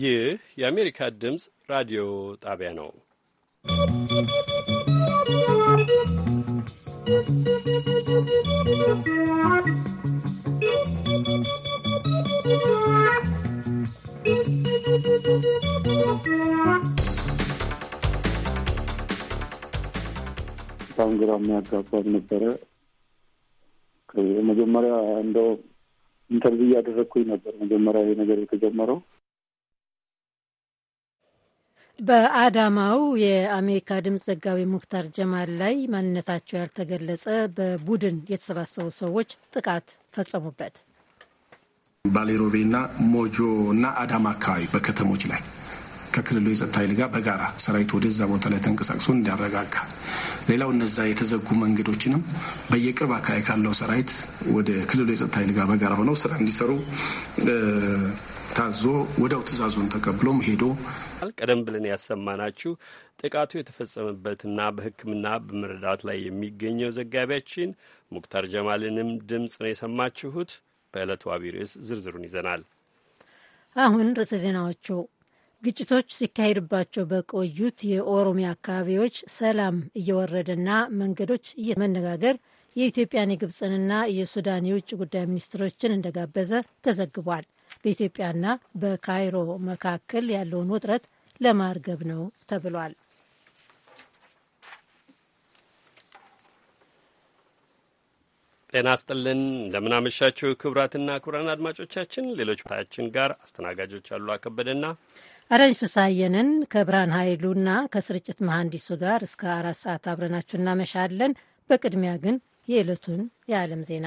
ይህ የአሜሪካ ድምፅ ራዲዮ ጣቢያ ነው። በጣም ግራ የሚያጋባብ ነበረ። መጀመሪያ እንደው ኢንተርቪው እያደረግኩኝ ነበር። መጀመሪያ ይሄ ነገር የተጀመረው በአዳማው የአሜሪካ ድምፅ ዘጋቢ ሙክታር ጀማል ላይ ማንነታቸው ያልተገለጸ በቡድን የተሰባሰቡ ሰዎች ጥቃት ፈጸሙበት። ባሌሮቤና ሞጆ እና አዳማ አካባቢ በከተሞች ላይ ከክልሉ የጸጥታ ኃይል ጋር በጋራ ሰራዊት ወደዛ ቦታ ላይ ተንቀሳቅሶ እንዲያረጋጋ፣ ሌላው እነዛ የተዘጉ መንገዶችንም በየቅርብ አካባቢ ካለው ሰራዊት ወደ ክልሉ የጸጥታ ኃይል ጋር በጋራ ሆነው ስራ እንዲሰሩ ታዞ ወዲያው ትእዛዙን ተቀብሎም ሄዶ ቀደም ብለን ያሰማናችሁ ጥቃቱ የተፈጸመበትና በሕክምና በመረዳት ላይ የሚገኘው ዘጋቢያችን ሙክታር ጀማልንም ድምፅ ነው የሰማችሁት። በዕለቱ አቢይ ርዕስ ዝርዝሩን ይዘናል። አሁን ርዕሰ ዜናዎቹ ግጭቶች ሲካሄድባቸው በቆዩት የኦሮሚያ አካባቢዎች ሰላም እየወረደና መንገዶች መነጋገር የኢትዮጵያን የግብፅንና የሱዳን የውጭ ጉዳይ ሚኒስትሮችን እንደጋበዘ ተዘግቧል። በኢትዮጵያና በካይሮ መካከል ያለውን ውጥረት ለማርገብ ነው ተብሏል። ጤና ስጥልን እንደምናመሻችሁ ክቡራትና ክቡራን አድማጮቻችን ሌሎች ታችን ጋር አስተናጋጆች አሉ አከበደና አዳኝ ፍሳሐየንን ከብርሃን ኃይሉና ከስርጭት መሐንዲሱ ጋር እስከ አራት ሰዓት አብረናችሁ እናመሻለን። በቅድሚያ ግን የዕለቱን የዓለም ዜና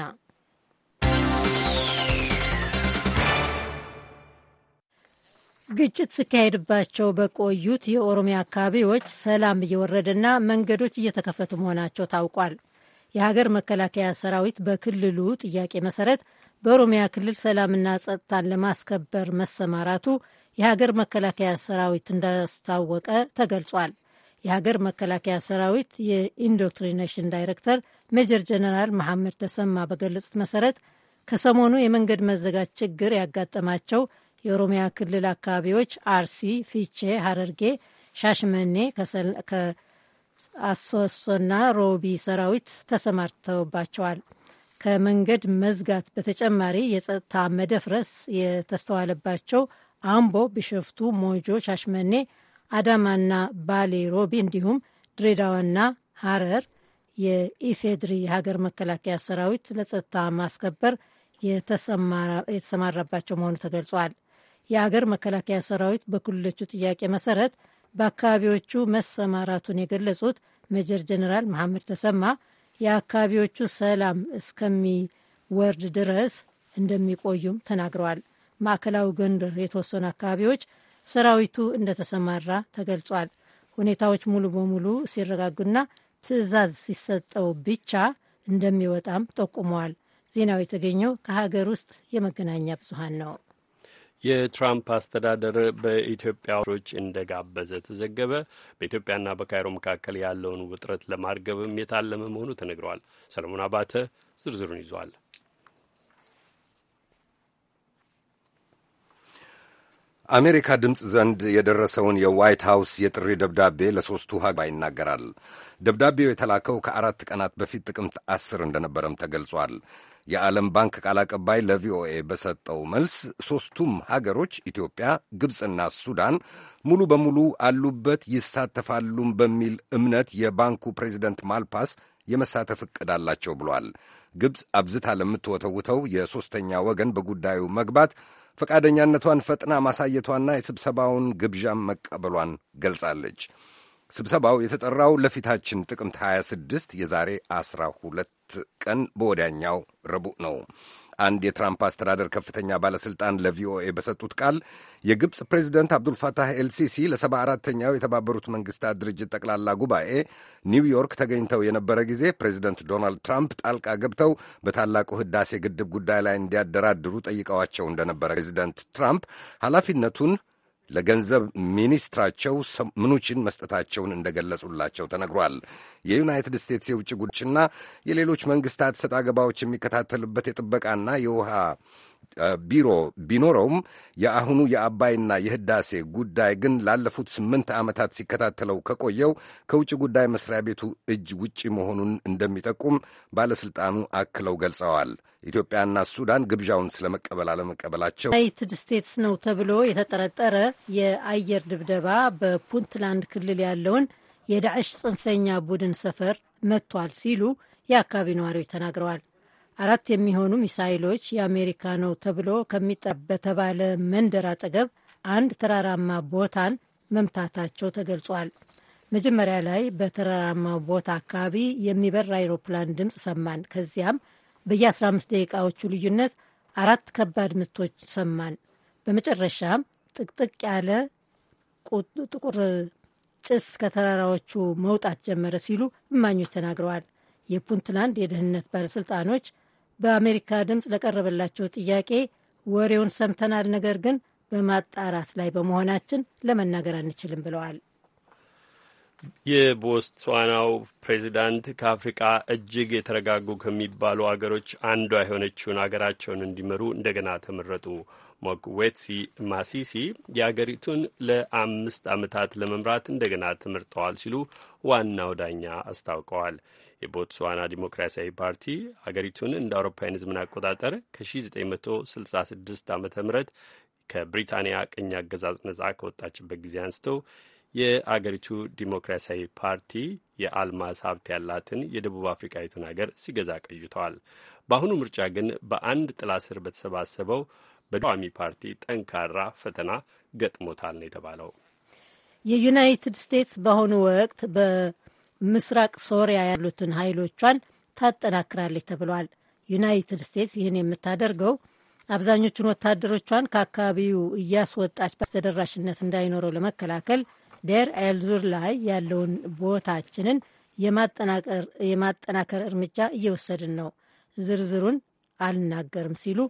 ግጭት ሲካሄድባቸው በቆዩት የኦሮሚያ አካባቢዎች ሰላም እየወረደና መንገዶች እየተከፈቱ መሆናቸው ታውቋል። የሀገር መከላከያ ሰራዊት በክልሉ ጥያቄ መሰረት በኦሮሚያ ክልል ሰላምና ጸጥታን ለማስከበር መሰማራቱ የሀገር መከላከያ ሰራዊት እንዳስታወቀ ተገልጿል። የሀገር መከላከያ ሰራዊት የኢንዶክትሪኔሽን ዳይሬክተር ሜጀር ጀነራል መሐመድ ተሰማ በገለጹት መሰረት ከሰሞኑ የመንገድ መዘጋት ችግር ያጋጠማቸው የኦሮሚያ ክልል አካባቢዎች አርሲ፣ ፊቼ፣ ሀረርጌ ሻሽመኔ ከአሶሶና ሮቢ ሰራዊት ተሰማርተውባቸዋል። ከመንገድ መዝጋት በተጨማሪ የጸጥታ መደፍረስ የተስተዋለባቸው አምቦ፣ ቢሸፍቱ፣ ሞጆ፣ ሻሽመኔ፣ አዳማና ባሌ ሮቢ እንዲሁም ድሬዳዋና ሀረር የኢፌድሪ የሀገር መከላከያ ሰራዊት ለጸጥታ ማስከበር የተሰማራባቸው መሆኑ ተገልጿል። የአገር መከላከያ ሰራዊት በክልሎቹ ጥያቄ መሰረት በአካባቢዎቹ መሰማራቱን የገለጹት ሜጀር ጀኔራል መሐመድ ተሰማ የአካባቢዎቹ ሰላም እስከሚወርድ ድረስ እንደሚቆዩም ተናግረዋል። ማዕከላዊ ጎንደር የተወሰኑ አካባቢዎች ሰራዊቱ እንደተሰማራ ተገልጿል። ሁኔታዎች ሙሉ በሙሉ ሲረጋጉና ትዕዛዝ ሲሰጠው ብቻ እንደሚወጣም ጠቁመዋል። ዜናው የተገኘው ከሀገር ውስጥ የመገናኛ ብዙሃን ነው። የትራምፕ አስተዳደር በኢትዮጵያ ሮች እንደጋበዘ ተዘገበ። በኢትዮጵያና በካይሮ መካከል ያለውን ውጥረት ለማርገብም የታለመ መሆኑ ተነግረዋል። ሰለሞን አባተ ዝርዝሩን ይዟል። አሜሪካ ድምፅ ዘንድ የደረሰውን የዋይት ሃውስ የጥሪ ደብዳቤ ለሦስቱ ሀገሮች ይናገራል። ደብዳቤው የተላከው ከአራት ቀናት በፊት ጥቅምት አስር እንደነበረም ተገልጿል። የዓለም ባንክ ቃል አቀባይ ለቪኦኤ በሰጠው መልስ ሦስቱም ሀገሮች ኢትዮጵያ፣ ግብፅና ሱዳን ሙሉ በሙሉ አሉበት ይሳተፋሉም በሚል እምነት የባንኩ ፕሬዚደንት ማልፓስ የመሳተፍ ዕቅድ አላቸው ብሏል። ግብፅ አብዝታ ለምትወተውተው የሦስተኛ ወገን በጉዳዩ መግባት ፈቃደኛነቷን ፈጥና ማሳየቷና የስብሰባውን ግብዣም መቀበሏን ገልጻለች። ስብሰባው የተጠራው ለፊታችን ጥቅምት 26 የዛሬ 12 ቀን በወዲያኛው ረቡዕ ነው። አንድ የትራምፕ አስተዳደር ከፍተኛ ባለሥልጣን ለቪኦኤ በሰጡት ቃል የግብፅ ፕሬዚደንት አብዱልፋታህ ኤልሲሲ ለሰባ አራተኛው የተባበሩት መንግሥታት ድርጅት ጠቅላላ ጉባኤ ኒውዮርክ ተገኝተው የነበረ ጊዜ ፕሬዚደንት ዶናልድ ትራምፕ ጣልቃ ገብተው በታላቁ ህዳሴ ግድብ ጉዳይ ላይ እንዲያደራድሩ ጠይቀዋቸው እንደነበረ ፕሬዚደንት ትራምፕ ኃላፊነቱን ለገንዘብ ሚኒስትራቸው ምኑችን መስጠታቸውን እንደገለጹላቸው ተነግሯል። የዩናይትድ ስቴትስ የውጭ ጉዳዮችና የሌሎች መንግስታት ሰጣ ገባዎች የሚከታተልበት የጥበቃና የውሃ ቢሮ ቢኖረውም የአሁኑ የአባይና የህዳሴ ጉዳይ ግን ላለፉት ስምንት ዓመታት ሲከታተለው ከቆየው ከውጭ ጉዳይ መስሪያ ቤቱ እጅ ውጪ መሆኑን እንደሚጠቁም ባለሥልጣኑ አክለው ገልጸዋል። ኢትዮጵያና ሱዳን ግብዣውን ስለመቀበል አለመቀበላቸው ዩናይትድ ስቴትስ ነው ተብሎ የተጠረጠረ የአየር ድብደባ በፑንትላንድ ክልል ያለውን የዳዕሽ ጽንፈኛ ቡድን ሰፈር መጥቷል ሲሉ የአካባቢ ነዋሪዎች ተናግረዋል። አራት የሚሆኑ ሚሳይሎች የአሜሪካ ነው ተብሎ ከሚጠራ በተባለ መንደር አጠገብ አንድ ተራራማ ቦታን መምታታቸው ተገልጿል። መጀመሪያ ላይ በተራራማ ቦታ አካባቢ የሚበር አይሮፕላን ድምፅ ሰማን። ከዚያም በየ15 ደቂቃዎቹ ልዩነት አራት ከባድ ምቶች ሰማን። በመጨረሻም ጥቅጥቅ ያለ ጥቁር ጭስ ከተራራዎቹ መውጣት ጀመረ ሲሉ እማኞች ተናግረዋል። የፑንትላንድ የደህንነት ባለሥልጣኖች በአሜሪካ ድምፅ ለቀረበላቸው ጥያቄ ወሬውን ሰምተናል፣ ነገር ግን በማጣራት ላይ በመሆናችን ለመናገር አንችልም ብለዋል። የቦትስዋናው ፕሬዚዳንት ከአፍሪቃ እጅግ የተረጋጉ ከሚባሉ አገሮች አንዷ የሆነችውን አገራቸውን እንዲመሩ እንደገና ተመረጡ። ሞክዌትሲ ማሲሲ የአገሪቱን ለአምስት ዓመታት ለመምራት እንደገና ተመርጠዋል ሲሉ ዋናው ዳኛ አስታውቀዋል። የቦትስዋና ዲሞክራሲያዊ ፓርቲ አገሪቱን እንደ አውሮፓውያን ሕዝብን አቆጣጠር ከ1966 ዓ ም ከብሪታንያ ቅኝ አገዛዝ ነጻ ከወጣችበት ጊዜ አንስቶ የአገሪቱ ዲሞክራሲያዊ ፓርቲ የአልማዝ ሀብት ያላትን የደቡብ አፍሪካዊቱን ሀገር ሲገዛ ቆይተዋል። በአሁኑ ምርጫ ግን በአንድ ጥላ ስር በተሰባሰበው በተቃዋሚ ፓርቲ ጠንካራ ፈተና ገጥሞታል ነው የተባለው። የዩናይትድ ስቴትስ በአሁኑ ወቅት ምስራቅ ሶሪያ ያሉትን ኃይሎቿን ታጠናክራለች ተብሏል። ዩናይትድ ስቴትስ ይህን የምታደርገው አብዛኞቹን ወታደሮቿን ከአካባቢው እያስወጣች ተደራሽነት እንዳይኖረው ለመከላከል ዴር ኤልዙር ላይ ያለውን ቦታችንን የማጠናከር እርምጃ እየወሰድን ነው። ዝርዝሩን አልናገርም ሲሉ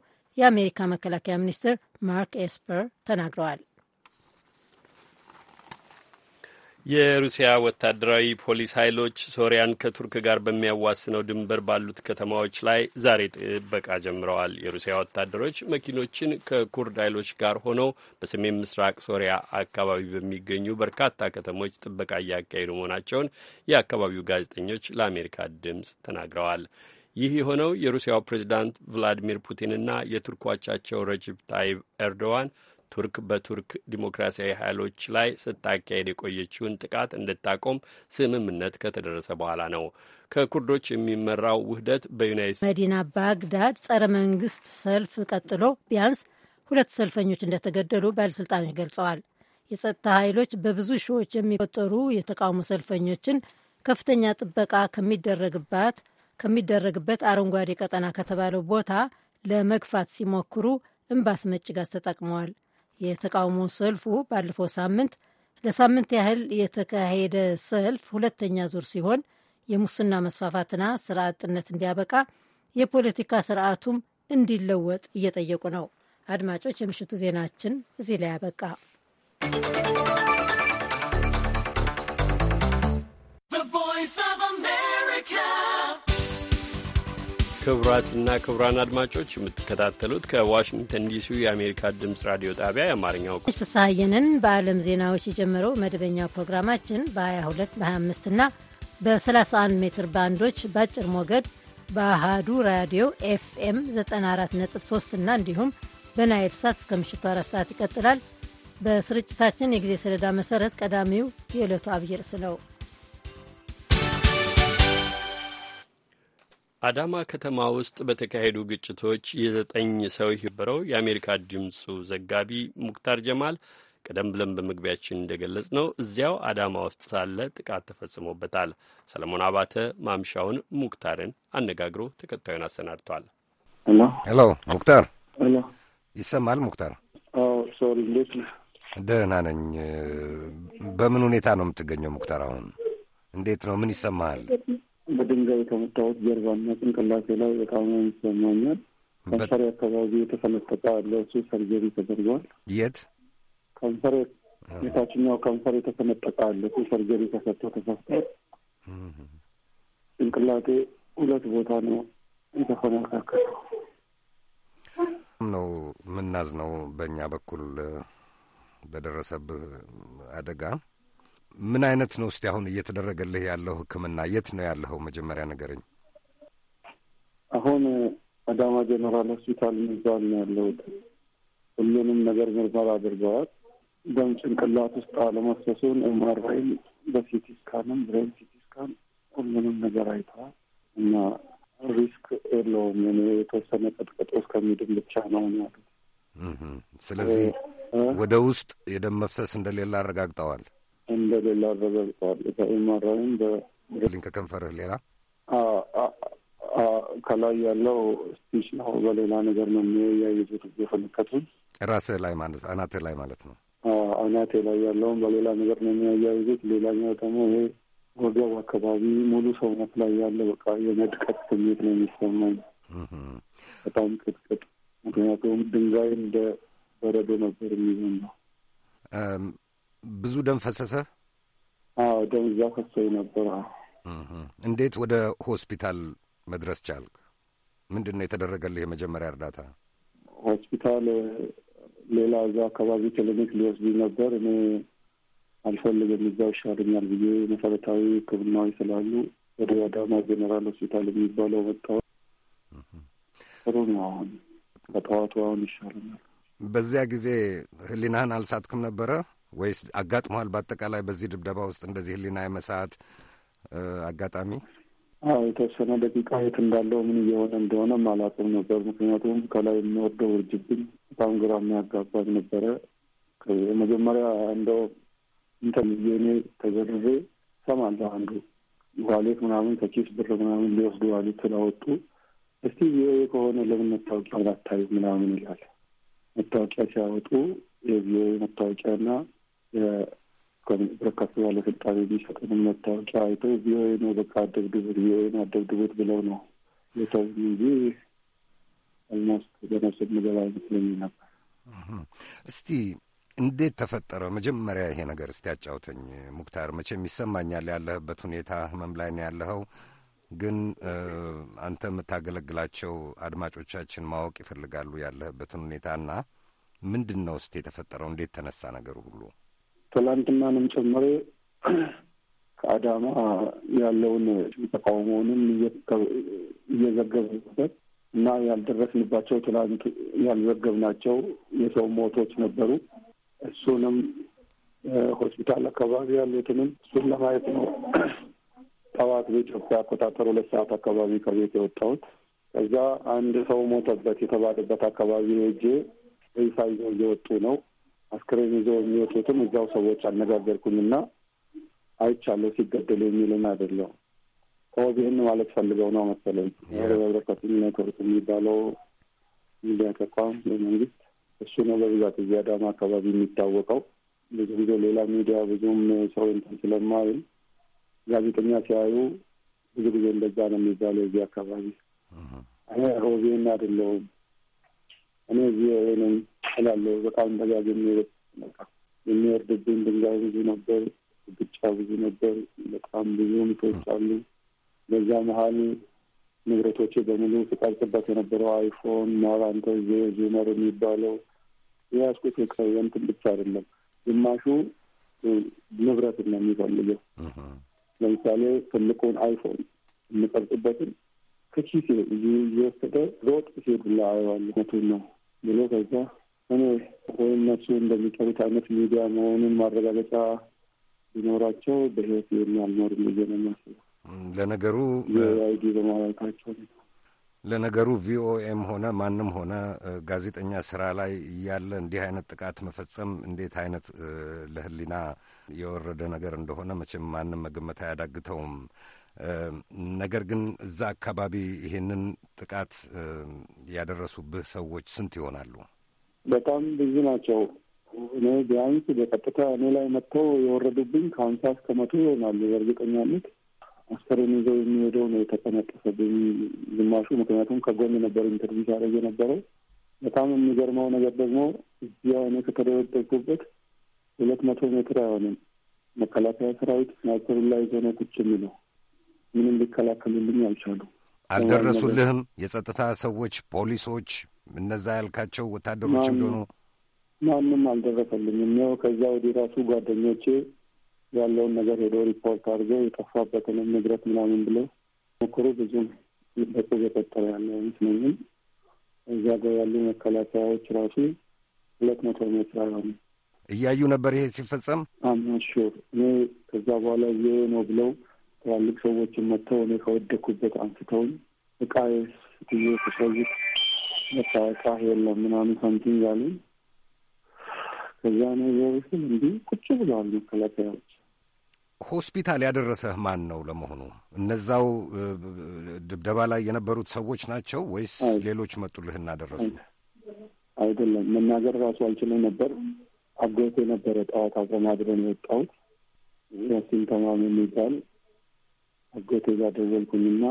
የአሜሪካ መከላከያ ሚኒስትር ማርክ ኤስፐር ተናግረዋል። የሩሲያ ወታደራዊ ፖሊስ ኃይሎች ሶሪያን ከቱርክ ጋር በሚያዋስነው ድንበር ባሉት ከተማዎች ላይ ዛሬ ጥበቃ ጀምረዋል። የሩሲያ ወታደሮች መኪኖችን ከኩርድ ኃይሎች ጋር ሆነው በሰሜን ምስራቅ ሶሪያ አካባቢ በሚገኙ በርካታ ከተሞች ጥበቃ እያካሄዱ መሆናቸውን የአካባቢው ጋዜጠኞች ለአሜሪካ ድምፅ ተናግረዋል። ይህ የሆነው የሩሲያው ፕሬዚዳንት ቭላዲሚር ፑቲንና የቱርኮቻቸው ረጀብ ታይብ ኤርዶዋን ቱርክ በቱርክ ዲሞክራሲያዊ ኃይሎች ላይ ስታካሄድ የቆየችውን ጥቃት እንድታቆም ስምምነት ከተደረሰ በኋላ ነው። ከኩርዶች የሚመራው ውህደት በዩናይት መዲና ባግዳድ ጸረ መንግስት ሰልፍ ቀጥሎ ቢያንስ ሁለት ሰልፈኞች እንደተገደሉ ባለሥልጣኖች ገልጸዋል። የጸጥታ ኃይሎች በብዙ ሺዎች የሚቆጠሩ የተቃውሞ ሰልፈኞችን ከፍተኛ ጥበቃ ከሚደረግባት ከሚደረግበት አረንጓዴ ቀጠና ከተባለው ቦታ ለመግፋት ሲሞክሩ እምባስ አስመጪ ጋዝ ተጠቅመዋል። የተቃውሞ ሰልፉ ባለፈው ሳምንት ለሳምንት ያህል የተካሄደ ሰልፍ ሁለተኛ ዙር ሲሆን የሙስና መስፋፋትና ስራ አጥነት እንዲያበቃ የፖለቲካ ስርዓቱም እንዲለወጥ እየጠየቁ ነው። አድማጮች፣ የምሽቱ ዜናችን እዚህ ላይ ያበቃ። ቮይስ ኦፍ ክቡራትና ክቡራን አድማጮች የምትከታተሉት ከዋሽንግተን ዲሲ የአሜሪካ ድምፅ ራዲዮ ጣቢያ የአማርኛው ፍስሐየንን በዓለም ዜናዎች የጀመረው መደበኛ ፕሮግራማችን በ22 በ25 ና በ31 ሜትር ባንዶች በአጭር ሞገድ በአሃዱ ራዲዮ ኤፍኤም 94.3 እና እንዲሁም በናይል ሳት እስከ ምሽቱ አራት ሰዓት ይቀጥላል። በስርጭታችን የጊዜ ሰሌዳ መሰረት ቀዳሚው የዕለቱ አብይ ርዕስ ነው። አዳማ ከተማ ውስጥ በተካሄዱ ግጭቶች የዘጠኝ ሰው የነበረው የአሜሪካ ድምፁ ዘጋቢ ሙክታር ጀማል ቀደም ብለን በመግቢያችን እንደገለጽ ነው እዚያው አዳማ ውስጥ ሳለ ጥቃት ተፈጽሞበታል። ሰለሞን አባተ ማምሻውን ሙክታርን አነጋግሮ ተከታዩን አሰናድቷል። ሄሎ ሙክታር፣ ይሰማል ሙክታር? ሶሪ፣ እንዴት ነህ? ደህና ነኝ። በምን ሁኔታ ነው የምትገኘው ሙክታር? አሁን እንዴት ነው? ምን ይሰማሃል? በድንጋይ ከመታወት ጀርባና ጭንቅላቴ ላይ በጣም ይሰማኛል። ከንፈሬ አካባቢ የተሰነጠቀ አለ። እሱ ሰርጀሪ ተደርጓል። የት ከንፈሬ የታችኛው ከንፈር የተሰነጠቀ አለ። እሱ ሰርጀሪ ተሰጥቶ ተሰፍቷል። ጭንቅላቴ ሁለት ቦታ ነው የተፈነካከለው። ነው ምናዝ ነው በእኛ በኩል በደረሰብህ አደጋ ምን አይነት ነው እስቲ አሁን እየተደረገልህ ያለው ህክምና የት ነው ያለኸው? መጀመሪያ ነገርኝ አሁን አዳማ ጀነራል ሆስፒታል ሚዛን ነው ያለሁት። ሁሉንም ነገር ምርመራ አድርገዋል። ደም ጭንቅላት ውስጥ አለመፍሰሱን ኤምአርአይም በሲቲ ስካንም ብሬን ሲቲ ስካን ሁሉንም ነገር አይተዋል እና ሪስክ የለውም። እኔ የተወሰነ ቀጥቀጦ እስከሚድን ብቻ ነው ያሉት። ስለዚህ ወደ ውስጥ የደም መፍሰስ እንደሌለ አረጋግጠዋል። እንደሌላ አረጋግጠዋል። ኤምአርአይም በሊንክ ከንፈር ሌላ ከላይ ያለው ስፒች ነው። በሌላ ነገር ነው የሚያያይዙት የፈነከቱን ራስ ላይ ማለት አናቴ ላይ ማለት ነው። አናቴ ላይ ያለውን በሌላ ነገር ነው የሚያያይዙት። ሌላኛው ደግሞ ይሄ ወገብ አካባቢ ሙሉ ሰውነት ላይ ያለ በቃ የመድቀት ስሜት ነው የሚሰማኝ፣ በጣም ቅጥቅጥ። ምክንያቱም ድንጋይ እንደ በረዶ ነበር ነው ብዙ ደም ፈሰሰ? አዎ ደም እዚያው ፈሰይ ነበር። እንዴት ወደ ሆስፒታል መድረስ ቻልክ? ምንድን ነው የተደረገልህ የመጀመሪያ እርዳታ? ሆስፒታል ሌላ እዛ አካባቢ ክሊኒክ ሊወስዱኝ ነበር። እኔ አልፈልግም፣ እዛው ይሻለኛል ብዬ መሰረታዊ ሕክምናዎች ስላሉ ወደ አዳማ ጄኔራል ሆስፒታል የሚባለው መጣሁ። ጥሩ ነው። አሁን በጠዋቱ አሁን ይሻለኛል። በዚያ ጊዜ ህሊናህን አልሳትክም ነበረ? ወይስ አጋጥሟል? በአጠቃላይ በዚህ ድብደባ ውስጥ እንደዚህ ህሊና የመሳት አጋጣሚ? አዎ የተወሰነ ደቂቃ የት እንዳለው ምን እየሆነ እንደሆነ አላውቅም ነበር። ምክንያቱም ከላይ የሚወርደው ውርጅብኝ በጣም ግራ የሚያጋባኝ ነበረ። መጀመሪያ እንደው እንትን የኔ ተዘርሬ ሰማለሁ አንዱ ዋሌት ምናምን ከኪስ ብር ምናምን ሊወስዱ ዋሌት ስላወጡ እስቲ ቪኦኤ ከሆነ ለምን መታወቂያ ላታዩ ምናምን ይላል። መታወቂያ ሲያወጡ የቪኦኤ መታወቂያና ከብረከቱ ባለስልጣን የሚሰጠን መታወቂያ አይቶ ቪኦኤ ነው በቃ አደብድቡት፣ ቪኦኤ ነው አደብድቡት ብለው ነው የተውን እንጂ አልሞስት በነፍስ ምገባ ይመስለኝ ነበር። እስቲ እንዴት ተፈጠረ መጀመሪያ ይሄ ነገር እስቲ አጫውተኝ ሙክታር። መቼም ይሰማኛል ያለህበት ሁኔታ ህመም ላይ ነው ያለኸው፣ ግን አንተ የምታገለግላቸው አድማጮቻችን ማወቅ ይፈልጋሉ ያለህበትን ሁኔታና ምንድን ነው እስቲ የተፈጠረው? እንዴት ተነሳ ነገሩ ሁሉ? ትላንትናንም ጨምሬ ከአዳማ ያለውን ተቃውሞውንም እየዘገብንበት እና ያልደረስንባቸው ትላንት ያልዘገብናቸው የሰው ሞቶች ነበሩ። እሱንም ሆስፒታል አካባቢ ያሉትንም እሱን ለማየት ነው ጠዋት በኢትዮጵያ አቆጣጠር ሁለት ሰዓት አካባቢ ከቤት የወጣሁት። ከዛ አንድ ሰው ሞተበት የተባለበት አካባቢ ሄጄ ይፋ ይዘው እየወጡ ነው አስክሬን ይዘው የሚወጡትም እዛው ሰዎች አነጋገርኩኝና አይቻለሁ ሲገደሉ የሚልን አይደለም ከወዲህን ማለት ፈልገው ነው መሰለኝ ህብረተሰብ ነቶርክ የሚባለው ሚዲያ ተቋም በመንግስት እሱ ነው በብዛት እዚህ አዳማ አካባቢ የሚታወቀው። ብዙ ጊዜ ሌላ ሚዲያ ብዙም ሰው እንትን ስለማይል ጋዜጠኛ ሲያዩ ብዙ ጊዜ እንደዛ ነው የሚባለው እዚህ አካባቢ። እኔ ሮቤን አይደለሁም እኔ ቪኦኤ ነኝ እላለሁ። በጣም ደጋግሜ የሚወርድብኝ ድንጋይ ብዙ ነበር፣ ግጫ ብዙ ነበር። በጣም ብዙ ምቶች አሉ። በዛ መሀል ንብረቶቼ በሙሉ ስቃጭበት የነበረው አይፎን፣ ማራንተ ዙመር የሚባለው የያዝኩት እንትን ብቻ አይደለም፣ ግማሹ ንብረት ነው የሚፈልገው። ለምሳሌ ትልቁን አይፎን የምቀርጽበትን ከኪሴ እየወሰደ ሮጥ ሲሄድ ላ አየዋለሁ ነው ብሎ ከዛ እኔ ወይ እነሱ እንደሚጠሩት አይነት ሚዲያ መሆኑን ማረጋገጫ ቢኖራቸው በህይወት የሚያልኖር ብዬ ነው የሚያስበው። ለነገሩ አይዲ በማለታቸው ለነገሩ ቪኦኤም ሆነ ማንም ሆነ ጋዜጠኛ ስራ ላይ እያለ እንዲህ አይነት ጥቃት መፈጸም እንዴት አይነት ለህሊና የወረደ ነገር እንደሆነ መቼም ማንም መገመት አያዳግተውም። ነገር ግን እዛ አካባቢ ይሄንን ጥቃት ያደረሱብህ ሰዎች ስንት ይሆናሉ? በጣም ብዙ ናቸው። እኔ ቢያንስ በቀጥታ እኔ ላይ መጥተው የወረዱብኝ ከሀምሳ እስከ መቶ ይሆናሉ። በእርግጠኛነት አስከሬን ይዘው የሚሄደው ነው የተጠነቀሰብኝ ግማሹ። ምክንያቱም ከጎን ነበር ኢንተርቪው ሲያደርግ የነበረው። በጣም የሚገርመው ነገር ደግሞ እዚያ እኔ ከተደበደብኩበት ሁለት መቶ ሜትር አይሆንም መከላከያ ሰራዊት ስናይፐር ላይ ዞነ ቁጭ የሚለው ምንም ሊከላከሉልኝ አልቻሉ። አልደረሱልህም? የጸጥታ ሰዎች፣ ፖሊሶች፣ እነዛ ያልካቸው ወታደሮች እንደሆኑ ማንም አልደረሰልኝም። ያው ከዛ ወዲህ ራሱ ጓደኞቼ ያለውን ነገር ሄደው ሪፖርት አድርገው የጠፋበትንም ንብረት ምናምን ብለው ሞክሩ። ብዙም ልበቁ የፈጠረ ያለ አይመስለኝም። እዚያ ጋር ያሉ መከላከያዎች ራሱ ሁለት መቶ ሜትር አይሆንም እያዩ ነበር ይሄ ሲፈጸም። አምናሹር እኔ ከዛ በኋላ እየ ነው ብለው ትላልቅ ሰዎችን መጥተው እኔ ከወደኩበት አንስተውኝ እቃ ብዬ ስሸይት መታወቃ የለም ምናምን ሳምቲንግ ያሉ ከዚያ ነው ዘብስል እንዲህ ቁጭ ብለዋል መከላከያዎች። ሆስፒታል ያደረሰህ ማን ነው ለመሆኑ? እነዛው ድብደባ ላይ የነበሩት ሰዎች ናቸው ወይስ ሌሎች መጡልህ እናደረሱ? አይደለም መናገር ራሱ አልችልም ነበር። አጎቴ ነበረ ጠዋት አብረን አድረን የወጣሁት ያሲን ተማም የሚባል አጎቴ ጋር ደወልኩኝና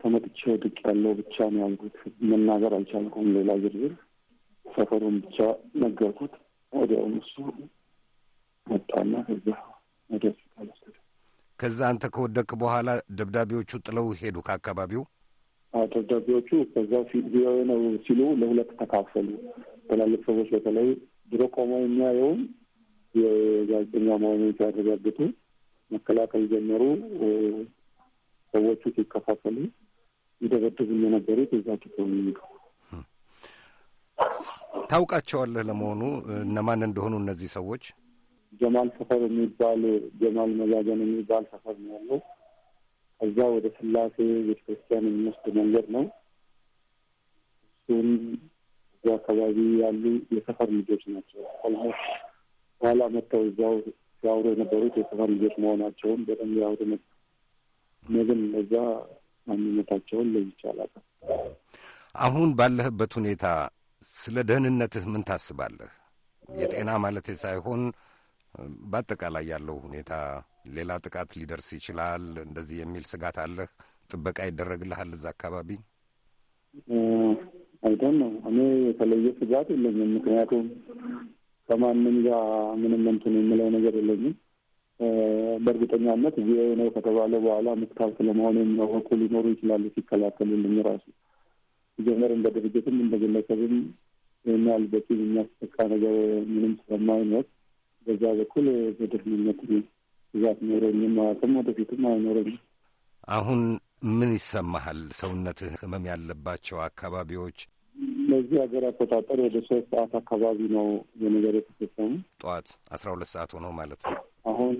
ተመጥቼ ወድቅ ያለው ብቻ ነው ያልኩት። መናገር አልቻልኩም ሌላ ዝርዝር ሰፈሩን ብቻ ነገርኩት። ወዲያውም እሱ መጣና ከዛ ወደ ሆስፒታል ወሰደ። ከዛ አንተ ከወደቅ በኋላ ደብዳቤዎቹ ጥለው ሄዱ ከአካባቢው። ደብዳቤዎቹ ከዛ ቪኦኤ ነው ሲሉ ለሁለት ተካፈሉ። ትላልቅ ሰዎች በተለይ ድሮ ቆመው የሚያየውም የጋዜጠኛ መሆኑ ሲያረጋግጡ መከላከል ጀመሩ። ሰዎቹ ሲከፋፈሉ ይደበድቡን የነበሩት እዛ ሰው የሚሄዱ ታውቃቸዋለህ? ለመሆኑ እነማን እንደሆኑ እነዚህ ሰዎች? ጀማል ሰፈር የሚባል ጀማል መዛዘን የሚባል ሰፈር ነው ያለው። ከዛ ወደ ስላሴ ቤተክርስቲያን የሚወስድ መንገድ ነው። እሱም እዚ አካባቢ ያሉ የሰፈር ልጆች ናቸው። ኋላ መጥተው እዛው ያወሩ የነበሩት የሰፈር ልጆች መሆናቸውን በጣም ያወሩ ነግን እዛ ማንነታቸውን ለይቼ ይቻላል። አሁን ባለህበት ሁኔታ ስለ ደህንነትህ ምን ታስባለህ? የጤና ማለት ሳይሆን በአጠቃላይ ያለው ሁኔታ ሌላ ጥቃት ሊደርስ ይችላል እንደዚህ የሚል ስጋት አለህ? ጥበቃ ይደረግልሃል እዛ አካባቢ? አይደን ነው እኔ የተለየ ስጋት የለኝም። ምክንያቱም ከማንም ጋር ምንም እንትን የምለው ነገር የለኝም። በእርግጠኛነት ቪኦኤ ነው ከተባለ በኋላ ምትካል ስለመሆኑ የሚያወቁ ሊኖሩ ይችላሉ ሲከላከሉልኝ ራሱ ጀመር እንደ ድርጅትም እንደ ግለሰብም ይናል በቂ የሚያስጠቃ ነገር ምንም ስለማይኖር በዛ በኩል በደህንነት ብዛት ኖረኝም ማለትም ወደፊትም አይኖረኝም። አሁን ምን ይሰማሃል? ሰውነትህ ህመም ያለባቸው አካባቢዎች በዚህ ሀገር አቆጣጠር ወደ ሶስት ሰዓት አካባቢ ነው የነገር የተፈጸሙ። ጠዋት አስራ ሁለት ሰዓት ሆኖ ማለት ነው። አሁን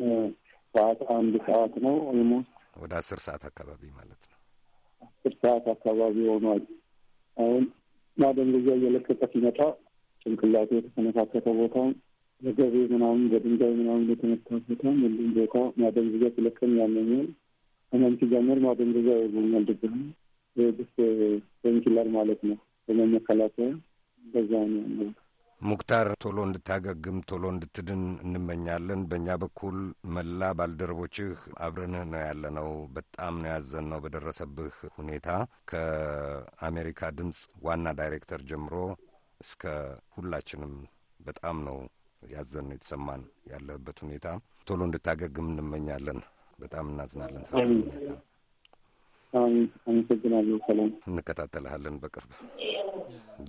ሰዓት አንድ ሰዓት ነው። ኦልሞስት ወደ አስር ሰዓት አካባቢ ማለት ነው። አስር ሰዓት አካባቢ ሆኗል። አሁን ማደንዘዣ እየለቀቀ ሲመጣ ጭንቅላቱ የተሰነካከተ ቦታ በገቤ ምናምን በድንጋይ ምናምን የተመታ ቦታ ሁሉም ቦታ ማደንዘዣ ሲለቀም ያመኛል። ህመም ሲጀምር ማደንዘዣ ይዘኛል። ድብህ ስ ፔንኪለር ማለት ነው በመመከላከያ በዛ ነው። ሙክታር ቶሎ እንድታገግም ቶሎ እንድትድን እንመኛለን። በእኛ በኩል መላ ባልደረቦችህ አብረንህ ነው ያለነው። በጣም ነው ያዘን ነው በደረሰብህ ሁኔታ ከአሜሪካ ድምፅ ዋና ዳይሬክተር ጀምሮ እስከ ሁላችንም በጣም ነው ያዘን ነው የተሰማን ያለህበት ሁኔታ። ቶሎ እንድታገግም እንመኛለን። በጣም እናዝናለን። ሰ ሁኔታ አመሰግናለሁ። ሰላም እንከታተልሃለን በቅርብ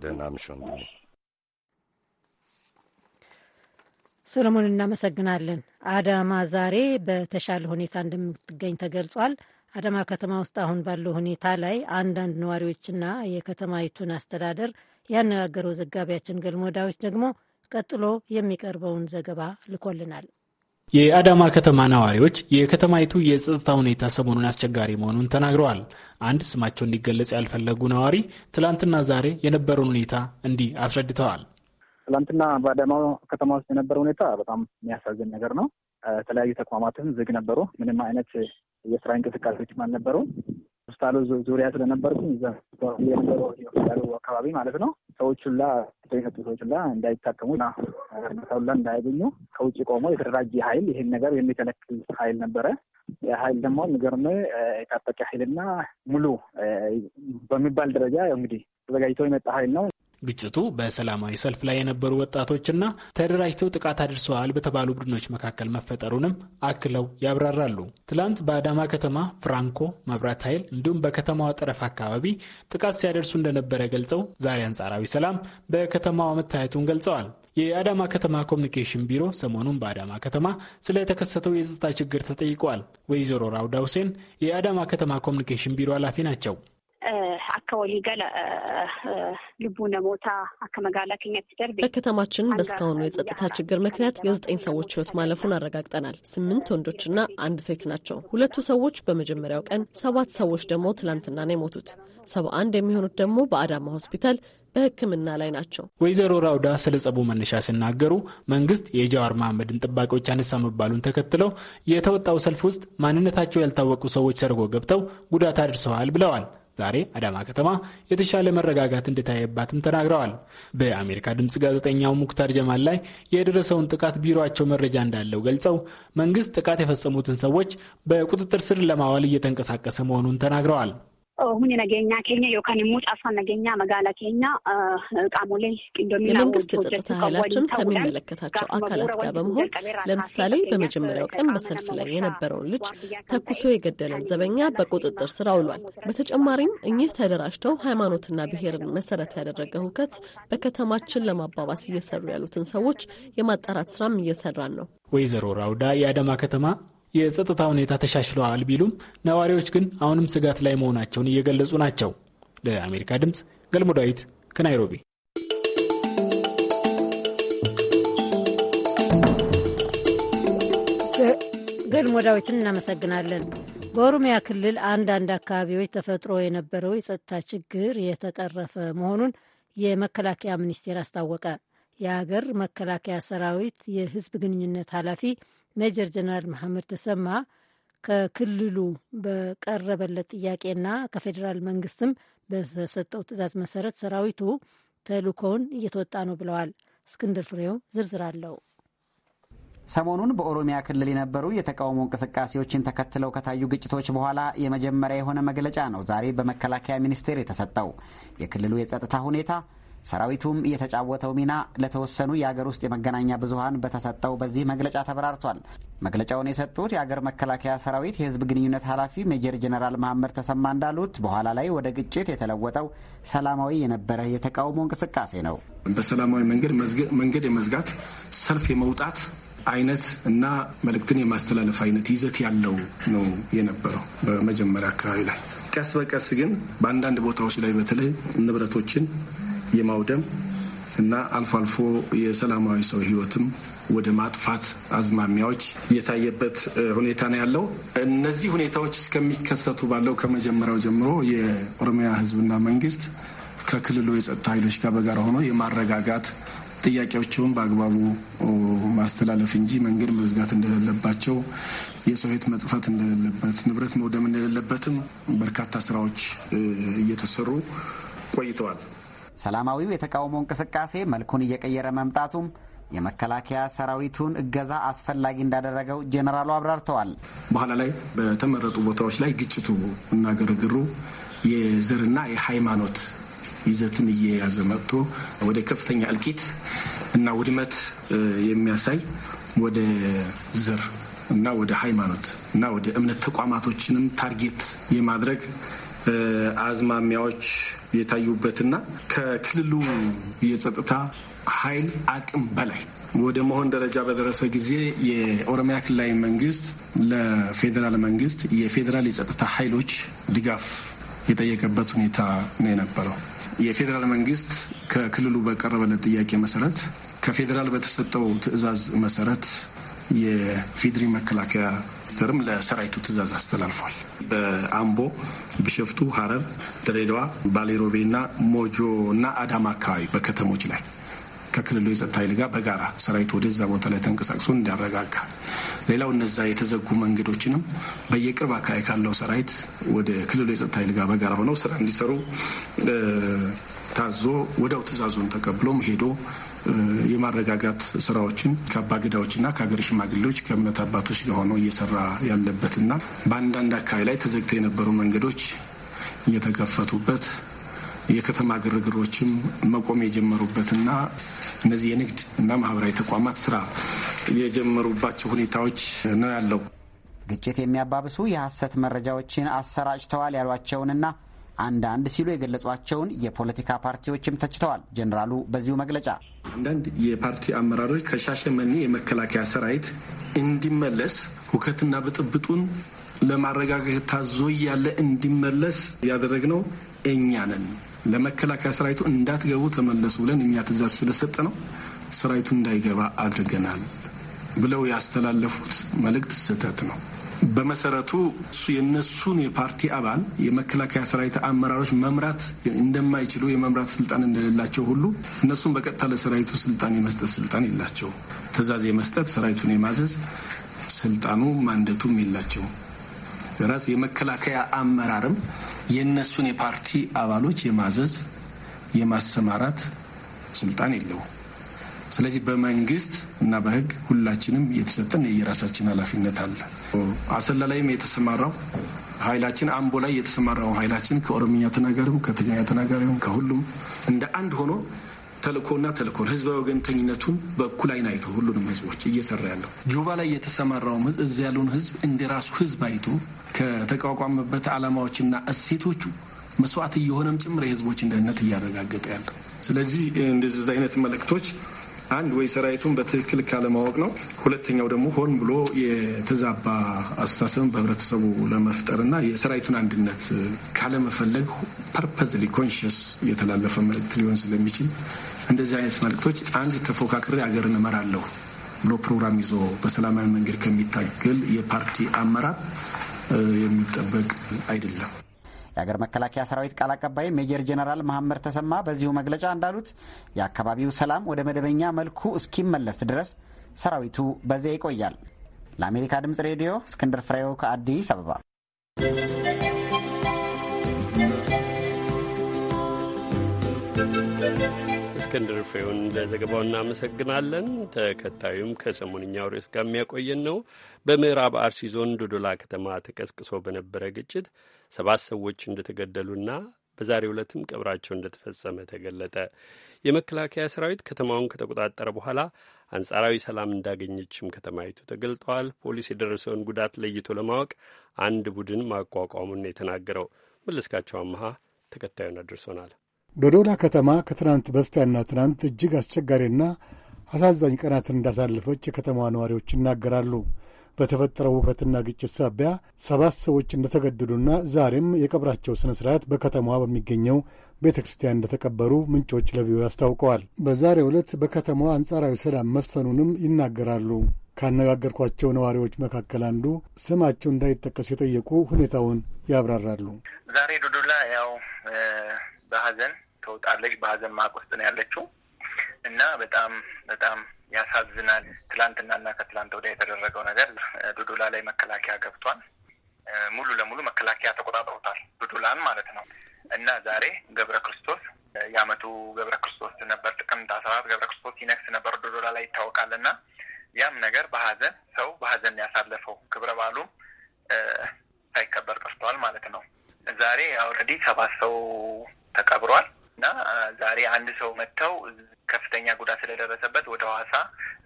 ደህና ምሽ ወንድሜ ሰሎሞን እናመሰግናለን። አዳማ ዛሬ በተሻለ ሁኔታ እንደምትገኝ ተገልጿል። አዳማ ከተማ ውስጥ አሁን ባለው ሁኔታ ላይ አንዳንድ ነዋሪዎችና የከተማይቱን አስተዳደር ያነጋገረው ዘጋቢያችን ገልሞ ዳዊት ደግሞ ቀጥሎ የሚቀርበውን ዘገባ ልኮልናል። የአዳማ ከተማ ነዋሪዎች የከተማይቱ የጸጥታ ሁኔታ ሰሞኑን አስቸጋሪ መሆኑን ተናግረዋል። አንድ ስማቸው እንዲገለጽ ያልፈለጉ ነዋሪ ትላንትና ዛሬ የነበረውን ሁኔታ እንዲህ አስረድተዋል። ትላንትና በአዳማ ከተማ ውስጥ የነበረው ሁኔታ በጣም የሚያሳዝን ነገር ነው። የተለያዩ ተቋማትም ዝግ ነበሩ። ምንም አይነት የስራ እንቅስቃሴዎችም አልነበረውም። ሆስፒታሉ ዙሪያ ስለነበርኩ የነበረው ሆስፒታሉ አካባቢ ማለት ነው ሰዎች ሁላ የሰጡ ሰዎች ሁላ እንዳይታከሙ እና ሁላ እንዳያገኙ ከውጭ ቆሞ የተደራጀ ኃይል ይህን ነገር የሚከለክል ኃይል ነበረ። ኃይል ደግሞ ንገርም የታጠቀ ኃይልና ሙሉ በሚባል ደረጃ እንግዲህ ተዘጋጅቶ የመጣ ኃይል ነው። ግጭቱ በሰላማዊ ሰልፍ ላይ የነበሩ ወጣቶችና ተደራጅተው ጥቃት አድርሰዋል በተባሉ ቡድኖች መካከል መፈጠሩንም አክለው ያብራራሉ። ትላንት በአዳማ ከተማ ፍራንኮ መብራት ኃይል እንዲሁም በከተማዋ ጠረፍ አካባቢ ጥቃት ሲያደርሱ እንደነበረ ገልጸው ዛሬ አንጻራዊ ሰላም በከተማዋ መታየቱን ገልጸዋል። የአዳማ ከተማ ኮሚኒኬሽን ቢሮ ሰሞኑን በአዳማ ከተማ ስለተከሰተው የጸጥታ ችግር ተጠይቀዋል። ወይዘሮ ራውዳ ሁሴን የአዳማ ከተማ ኮሚኒኬሽን ቢሮ ኃላፊ ናቸው። አካባቢ ገለ ልቡነ ቦታ አከመጋላ ክኘት ደርቤ በከተማችን በእስካሁኑ የጸጥታ ችግር ምክንያት የዘጠኝ ሰዎች ህይወት ማለፉን አረጋግጠናል። ስምንት ወንዶችና አንድ ሴት ናቸው። ሁለቱ ሰዎች በመጀመሪያው ቀን፣ ሰባት ሰዎች ደግሞ ትላንትና ነው የሞቱት። ሰባ አንድ የሚሆኑት ደግሞ በአዳማ ሆስፒታል በሕክምና ላይ ናቸው። ወይዘሮ ራውዳ ስለ ጸቡ መነሻ ሲናገሩ መንግስት የጃዋር መሐመድን ጥባቂዎች አነሳ መባሉን ተከትለው የተወጣው ሰልፍ ውስጥ ማንነታቸው ያልታወቁ ሰዎች ሰርጎ ገብተው ጉዳት አድርሰዋል ብለዋል። ዛሬ አዳማ ከተማ የተሻለ መረጋጋት እንደታየባትም ተናግረዋል። በአሜሪካ ድምፅ ጋዜጠኛው ሙክታር ጀማል ላይ የደረሰውን ጥቃት ቢሮቸው መረጃ እንዳለው ገልጸው መንግስት ጥቃት የፈጸሙትን ሰዎች በቁጥጥር ስር ለማዋል እየተንቀሳቀሰ መሆኑን ተናግረዋል። humni ነገኛ ኬኛ የውካን immoo caasaan ነገኛ መጋላ ኬኛ qaamolee qindoomina የመንግስት የጸጥታ ኃይላችን ከሚመለከታቸው አካላት ጋር በመሆን ለምሳሌ በመጀመሪያው ቀን በሰልፍ ላይ የነበረውን ልጅ ተኩሶ የገደለን ዘበኛ በቁጥጥር ስር አውሏል። በተጨማሪም እኚህ ተደራጅተው ሃይማኖትና ብሔርን መሰረት ያደረገ ሁከት በከተማችን ለማባባስ እየሰሩ ያሉትን ሰዎች የማጣራት ስራም እየሰራን ነው። ወይዘሮ ራውዳ የአዳማ ከተማ የጸጥታ ሁኔታ ተሻሽለዋል ቢሉም ነዋሪዎች ግን አሁንም ስጋት ላይ መሆናቸውን እየገለጹ ናቸው። ለአሜሪካ ድምፅ ገልሞ ዳዊት ከናይሮቢ። ገልሞ ዳዊትን እናመሰግናለን። በኦሮሚያ ክልል አንዳንድ አካባቢዎች ተፈጥሮ የነበረው የጸጥታ ችግር የተቀረፈ መሆኑን የመከላከያ ሚኒስቴር አስታወቀ። የሀገር መከላከያ ሰራዊት የህዝብ ግንኙነት ኃላፊ ሜጀር ጀነራል መሐመድ ተሰማ ከክልሉ በቀረበለት ጥያቄና ከፌዴራል መንግስትም በተሰጠው ትዕዛዝ መሰረት ሰራዊቱ ተልእኮውን እየተወጣ ነው ብለዋል። እስክንድር ፍሬው ዝርዝር አለው። ሰሞኑን በኦሮሚያ ክልል የነበሩ የተቃውሞ እንቅስቃሴዎችን ተከትለው ከታዩ ግጭቶች በኋላ የመጀመሪያ የሆነ መግለጫ ነው ዛሬ በመከላከያ ሚኒስቴር የተሰጠው። የክልሉ የጸጥታ ሁኔታ ሰራዊቱም የተጫወተው ሚና ለተወሰኑ የአገር ውስጥ የመገናኛ ብዙሀን በተሰጠው በዚህ መግለጫ ተብራርቷል። መግለጫውን የሰጡት የአገር መከላከያ ሰራዊት የህዝብ ግንኙነት ኃላፊ ሜጀር ጀነራል መሐመድ ተሰማ እንዳሉት በኋላ ላይ ወደ ግጭት የተለወጠው ሰላማዊ የነበረ የተቃውሞ እንቅስቃሴ ነው። በሰላማዊ መንገድ መንገድ የመዝጋት ሰልፍ የመውጣት አይነት እና መልእክትን የማስተላለፍ አይነት ይዘት ያለው ነው የነበረው በመጀመሪያ አካባቢ ላይ። ቀስ በቀስ ግን በአንዳንድ ቦታዎች ላይ በተለይ ንብረቶችን የማውደም እና አልፎ አልፎ የሰላማዊ ሰው ህይወትም ወደ ማጥፋት አዝማሚያዎች የታየበት ሁኔታ ነው ያለው። እነዚህ ሁኔታዎች እስከሚከሰቱ ባለው ከመጀመሪያው ጀምሮ የኦሮሚያ ህዝብና መንግስት ከክልሉ የጸጥታ ኃይሎች ጋር በጋራ ሆኖ የማረጋጋት ጥያቄዎቸውን በአግባቡ ማስተላለፍ እንጂ መንገድ መዝጋት እንደሌለባቸው፣ የሰው ህይወት መጥፋት እንደሌለበት፣ ንብረት መውደም እንደሌለበትም በርካታ ስራዎች እየተሰሩ ቆይተዋል። ሰላማዊው የተቃውሞ እንቅስቃሴ መልኩን እየቀየረ መምጣቱም የመከላከያ ሰራዊቱን እገዛ አስፈላጊ እንዳደረገው ጄኔራሉ አብራርተዋል። በኋላ ላይ በተመረጡ ቦታዎች ላይ ግጭቱ እና ግርግሩ የዘርና የሃይማኖት ይዘትን እየያዘ መጥቶ ወደ ከፍተኛ እልቂት እና ውድመት የሚያሳይ ወደ ዘር እና ወደ ሃይማኖት እና ወደ እምነት ተቋማቶችንም ታርጌት የማድረግ አዝማሚያዎች የታዩበትና ከክልሉ የጸጥታ ኃይል አቅም በላይ ወደ መሆን ደረጃ በደረሰ ጊዜ የኦሮሚያ ክልላዊ መንግስት ለፌዴራል መንግስት የፌዴራል የጸጥታ ኃይሎች ድጋፍ የጠየቀበት ሁኔታ ነው የነበረው። የፌዴራል መንግስት ከክልሉ በቀረበለት ጥያቄ መሰረት ከፌዴራል በተሰጠው ትዕዛዝ መሰረት የፌድሪ መከላከያ ሚኒስተርም ለሰራዊቱ ትእዛዝ አስተላልፏል። በአምቦ፣ ቢሸፍቱ፣ ሀረር፣ ድሬዳዋ፣ ባሌሮቤ ና ሞጆ እና አዳማ አካባቢ በከተሞች ላይ ከክልሉ የጸጥታ ኃይል ጋር በጋራ ሰራዊቱ ወደዛ ቦታ ላይ ተንቀሳቅሶ እንዲያረጋጋ፣ ሌላው እነዛ የተዘጉ መንገዶችንም በየቅርብ አካባቢ ካለው ሰራዊት ወደ ክልሉ የጸጥታ ኃይል ጋር በጋራ ሆነው ስራ እንዲሰሩ ታዞ ወደው ትእዛዙን ተቀብሎም ሄዶ የማረጋጋት ስራዎችን ከአባገዳዎችና ከሀገር ሽማግሌዎች ከእምነት አባቶች ሆነው ሆኖ እየሰራ ያለበትና በአንዳንድ አካባቢ ላይ ተዘግተው የነበሩ መንገዶች እየተከፈቱበት የከተማ ግርግሮችም መቆም የጀመሩበትና እነዚህ የንግድ እና ማህበራዊ ተቋማት ስራ የጀመሩባቸው ሁኔታዎች ነው ያለው። ግጭት የሚያባብሱ የሐሰት መረጃዎችን አሰራጭተዋል ያሏቸውንና አንዳንድ ሲሉ የገለጿቸውን የፖለቲካ ፓርቲዎችም ተችተዋል። ጀኔራሉ በዚሁ መግለጫ አንዳንድ የፓርቲ አመራሮች ከሻሸመኔ የመከላከያ ሰራዊት እንዲመለስ ሁከትና ብጥብጡን ለማረጋገጥ ታዞ ያለ እንዲመለስ ያደረግነው እኛ ነን። ለመከላከያ ሰራዊቱ እንዳትገቡ ተመለሱ ብለን እኛ ትእዛዝ ስለሰጠ ነው ሰራዊቱ እንዳይገባ አድርገናል ብለው ያስተላለፉት መልእክት ስህተት ነው። በመሰረቱ የነሱን የፓርቲ አባል የመከላከያ ሰራዊት አመራሮች መምራት እንደማይችሉ የመምራት ስልጣን እንደሌላቸው ሁሉ እነሱን በቀጥታ ለሰራዊቱ ስልጣን የመስጠት ስልጣን የላቸው። ትእዛዝ የመስጠት ሰራዊቱን የማዘዝ ስልጣኑ ማንደቱም የላቸው። ራስ የመከላከያ አመራርም የነሱን የፓርቲ አባሎች የማዘዝ የማሰማራት ስልጣን የለውም። ስለዚህ በመንግስት እና በህግ ሁላችንም የተሰጠን የየራሳችን ኃላፊነት አለ። አሰላ ላይም የተሰማራው ኃይላችን አምቦ ላይ የተሰማራው ኃይላችን ከኦሮምኛ ተናጋሪው፣ ከትግርኛ ተናጋሪው ከሁሉም እንደ አንድ ሆኖ ተልእኮና ተልእኮ ህዝበ ወገንተኝነቱን በእኩል አይን አይቶ ሁሉንም ህዝቦች እየሰራ ያለው ጁባ ላይ የተሰማራው እዚ ያለውን ህዝብ እንደ ራሱ ህዝብ አይቶ ከተቋቋመበት ዓላማዎችና እሴቶቹ መስዋዕት እየሆነም ጭምር የህዝቦች እንደነት እያረጋገጠ ያለ ስለዚህ እንደዚህ አይነት መልእክቶች አንድ ወይ ሰራዊቱን በትክክል ካለማወቅ ነው። ሁለተኛው ደግሞ ሆን ብሎ የተዛባ አስተሳሰብን በህብረተሰቡ እና የሰራዊቱን አንድነት ካለመፈለግ ፐርፐዝሊ ኮንሽስ የተላለፈ መልእክት ሊሆን ስለሚችል እንደዚህ አይነት መልእክቶች አንድ ተፎካካሪ አገርን እመራለሁ ብሎ ፕሮግራም ይዞ በሰላማዊ መንገድ ከሚታገል የፓርቲ አመራር የሚጠበቅ አይደለም። የአገር መከላከያ ሰራዊት ቃል አቀባይ ሜጀር ጀነራል መሐመድ ተሰማ በዚሁ መግለጫ እንዳሉት የአካባቢው ሰላም ወደ መደበኛ መልኩ እስኪመለስ ድረስ ሰራዊቱ በዚያ ይቆያል። ለአሜሪካ ድምጽ ሬዲዮ እስክንድር ፍሬው ከአዲስ አበባ። እስክንድር ፍሬውን ለዘገባው እናመሰግናለን። ተከታዩም ከሰሞንኛው ርዕስ ጋር የሚያቆየን ነው። በምዕራብ አርሲ ዞን ዶዶላ ከተማ ተቀስቅሶ በነበረ ግጭት ሰባት ሰዎች እንደተገደሉና በዛሬ ዕለትም ቀብራቸው እንደተፈጸመ ተገለጠ። የመከላከያ ሰራዊት ከተማውን ከተቆጣጠረ በኋላ አንጻራዊ ሰላም እንዳገኘችም ከተማይቱ ተገልጠዋል። ፖሊስ የደረሰውን ጉዳት ለይቶ ለማወቅ አንድ ቡድን ማቋቋሙን የተናገረው መለስካቸው አመሃ ተከታዩን አድርሶናል። ዶዶላ ከተማ ከትናንት በስቲያና ትናንት እጅግ አስቸጋሪና አሳዛኝ ቀናትን እንዳሳለፈች የከተማዋ ነዋሪዎች ይናገራሉ። በተፈጠረው ውከትና ግጭት ሳቢያ ሰባት ሰዎች እንደተገደዱና ዛሬም የቀብራቸው ስነ ስርዓት በከተማዋ በሚገኘው ቤተ ክርስቲያን እንደተቀበሩ ምንጮች ለቪዮ አስታውቀዋል። በዛሬው ዕለት በከተማዋ አንጻራዊ ሰላም መስፈኑንም ይናገራሉ። ካነጋገርኳቸው ነዋሪዎች መካከል አንዱ ስማቸው እንዳይጠቀስ የጠየቁ ሁኔታውን ያብራራሉ። ዛሬ ዱዱላ ያው በሀዘን ተውጣለች። በሀዘን ማቅ ውስጥ ነው ያለችው። እና በጣም በጣም ያሳዝናል። ትላንትናና ከትላንት ወዲያ የተደረገው ነገር ዶዶላ ላይ መከላከያ ገብቷል። ሙሉ ለሙሉ መከላከያ ተቆጣጥሮታል፣ ዱዱላን ማለት ነው። እና ዛሬ ገብረ ክርስቶስ የአመቱ ገብረ ክርስቶስ ነበር። ጥቅምት አስራ አራት ገብረ ክርስቶስ ሲነግስ ነበር ዱዱላ ላይ ይታወቃል። እና ያም ነገር በሀዘን ሰው በሀዘን ያሳለፈው ክብረ በዓሉም ሳይከበር ቀርቷል ማለት ነው። ዛሬ አውረዲ ሰባት ሰው ተቀብሯል። እና ዛሬ አንድ ሰው መጥተው ከፍተኛ ጉዳት ስለደረሰበት ወደ ሐዋሳ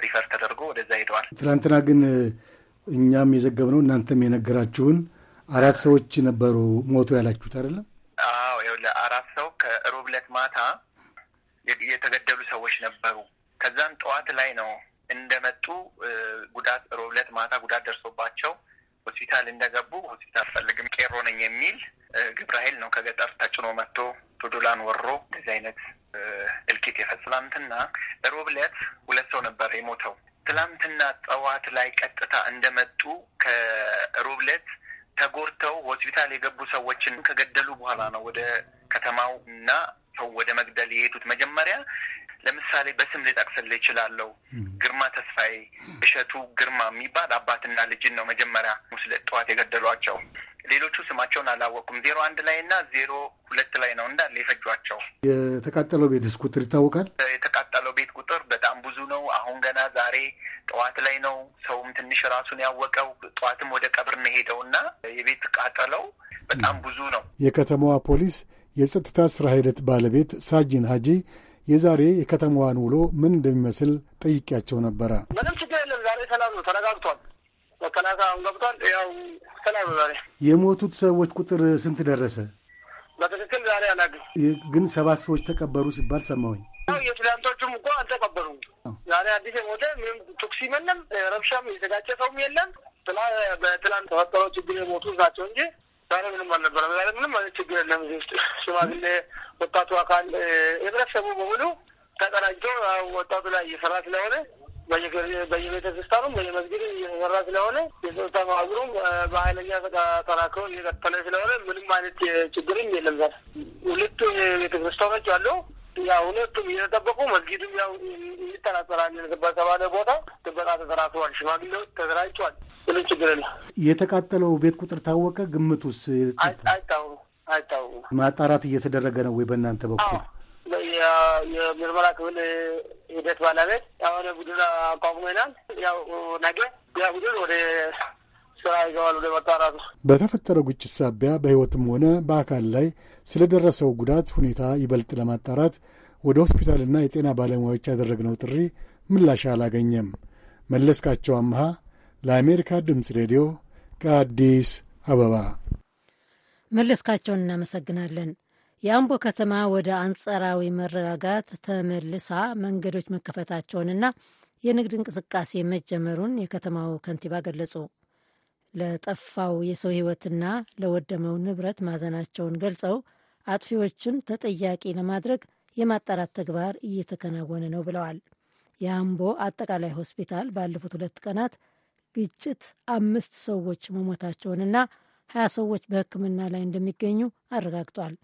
ሪፈር ተደርጎ ወደዛ ሄደዋል። ትናንትና ግን እኛም የዘገብነው እናንተም የነገራችሁን አራት ሰዎች ነበሩ ሞቱ ያላችሁት አይደለም? አዎ ይኸውልህ አራት ሰው ከሮብ ዕለት ማታ የተገደሉ ሰዎች ነበሩ። ከዛም ጠዋት ላይ ነው እንደመጡ ጉዳት ሮብ ዕለት ማታ ጉዳት ደርሶባቸው ሆስፒታል እንደገቡ ሆስፒታል አልፈልግም ቄሮ ነኝ የሚል ግብረ ኃይል ነው ከገጠር ተጭኖ መጥቶ ዶዶላን ወሮ እንደዚህ አይነት እልቂት የፈጽ ትላንትና ሮብ ዕለት ሁለት ሰው ነበር የሞተው። ትላንትና ጠዋት ላይ ቀጥታ እንደመጡ ከሮብ ዕለት ተጎድተው ሆስፒታል የገቡ ሰዎችን ከገደሉ በኋላ ነው ወደ ከተማው እና ሰው ወደ መግደል የሄዱት። መጀመሪያ ለምሳሌ በስም ልጠቅስልህ እችላለሁ። ግርማ ተስፋዬ፣ እሸቱ ግርማ የሚባል አባትና ልጅን ነው መጀመሪያ ሙስለ ጠዋት የገደሏቸው። ሌሎቹ ስማቸውን አላወቁም። ዜሮ አንድ ላይ እና ዜሮ ሁለት ላይ ነው እንዳለ የፈጇቸው። የተቃጠለው ቤት ቁጥር ይታወቃል? የተቃጠለው ቤት ቁጥር በጣም ብዙ ነው። አሁን ገና ዛሬ ጠዋት ላይ ነው ሰውም ትንሽ ራሱን ያወቀው። ጠዋትም ወደ ቀብር ነው ሄደው እና የቤት ቃጠለው በጣም ብዙ ነው። የከተማዋ ፖሊስ የጸጥታ ስራ ሂደት ባለቤት ሳጅን ሀጂ የዛሬ የከተማዋን ውሎ ምን እንደሚመስል ጠይቄያቸው ነበረ። ምንም ችግር የለም። ዛሬ ሰላም ነው፣ ተረጋግቷል። መከላከያውን ገብቷል። ያው ሰላም ነው ዛሬ። የሞቱት ሰዎች ቁጥር ስንት ደረሰ? በትክክል ዛሬ አላግኝ፣ ግን ሰባት ሰዎች ተቀበሩ ሲባል ሰማሁኝ። የትላንቶቹም እኮ አልተቀበሩም። ዛሬ አዲስ የሞተ ምንም ቱክሲ ምንም ረብሻም የተጋጨ ሰውም የለም። በትላንት ተፈጠረው ችግር የሞቱ ናቸው እንጂ ዛሬ ምንም አልነበረም። ዛሬ ምንም አይነት ችግር የለም። እዚህ ውስጥ ሽማግሌ፣ ወጣቱ አካል ህብረተሰቡ በሙሉ ተቀናጅቶ ወጣቱ ላይ እየሰራ ስለሆነ በየቤተ ክርስቲያኑም በየመስጊድ እየተሰራ ስለሆነ የጸጥታ መዋቅሩም በኃይለኛ ተጠናክሮ እየቀጠለ ስለሆነ ምንም አይነት ችግርም የለም። ዛሬ ሁለቱ ቤተ ክርስቲያኖች አሉ። ያው ሁለቱም እየተጠበቁ መስጊድም ያው እንጠራጠራለን በተባለ ቦታ ጥበቃ ተጠራተዋል። ሽማግሌዎች ተደራጅተዋል። ምንም ችግር የለም። የተቃጠለው ቤት ቁጥር ታወቀ? ግምት ግምቱስ አይታወቅም። አይታወቅም። ማጣራት እየተደረገ ነው ወይ በእናንተ በኩል? የምርመራ ክፍል ሂደት ባለቤት የሆነ ቡድን አቋቁመናል። ያው ነገ ያ ቡድን ወደ ስራ ይገባል ወደ ማጣራቱ። በተፈጠረው ግጭት ሳቢያ በህይወትም ሆነ በአካል ላይ ስለደረሰው ጉዳት ሁኔታ ይበልጥ ለማጣራት ወደ ሆስፒታልና የጤና ባለሙያዎች ያደረግነው ጥሪ ምላሽ አላገኘም። መለስካቸው አምሃ ለአሜሪካ ድምፅ ሬዲዮ ከአዲስ አበባ። መለስካቸውን እናመሰግናለን። የአምቦ ከተማ ወደ አንጻራዊ መረጋጋት ተመልሳ መንገዶች መከፈታቸውንና የንግድ እንቅስቃሴ መጀመሩን የከተማው ከንቲባ ገለጹ። ለጠፋው የሰው ሕይወትና ለወደመው ንብረት ማዘናቸውን ገልጸው አጥፊዎችም ተጠያቂ ለማድረግ የማጣራት ተግባር እየተከናወነ ነው ብለዋል። የአምቦ አጠቃላይ ሆስፒታል ባለፉት ሁለት ቀናት ግጭት አምስት ሰዎች መሞታቸውንና ሀያ ሰዎች በሕክምና ላይ እንደሚገኙ አረጋግጧል።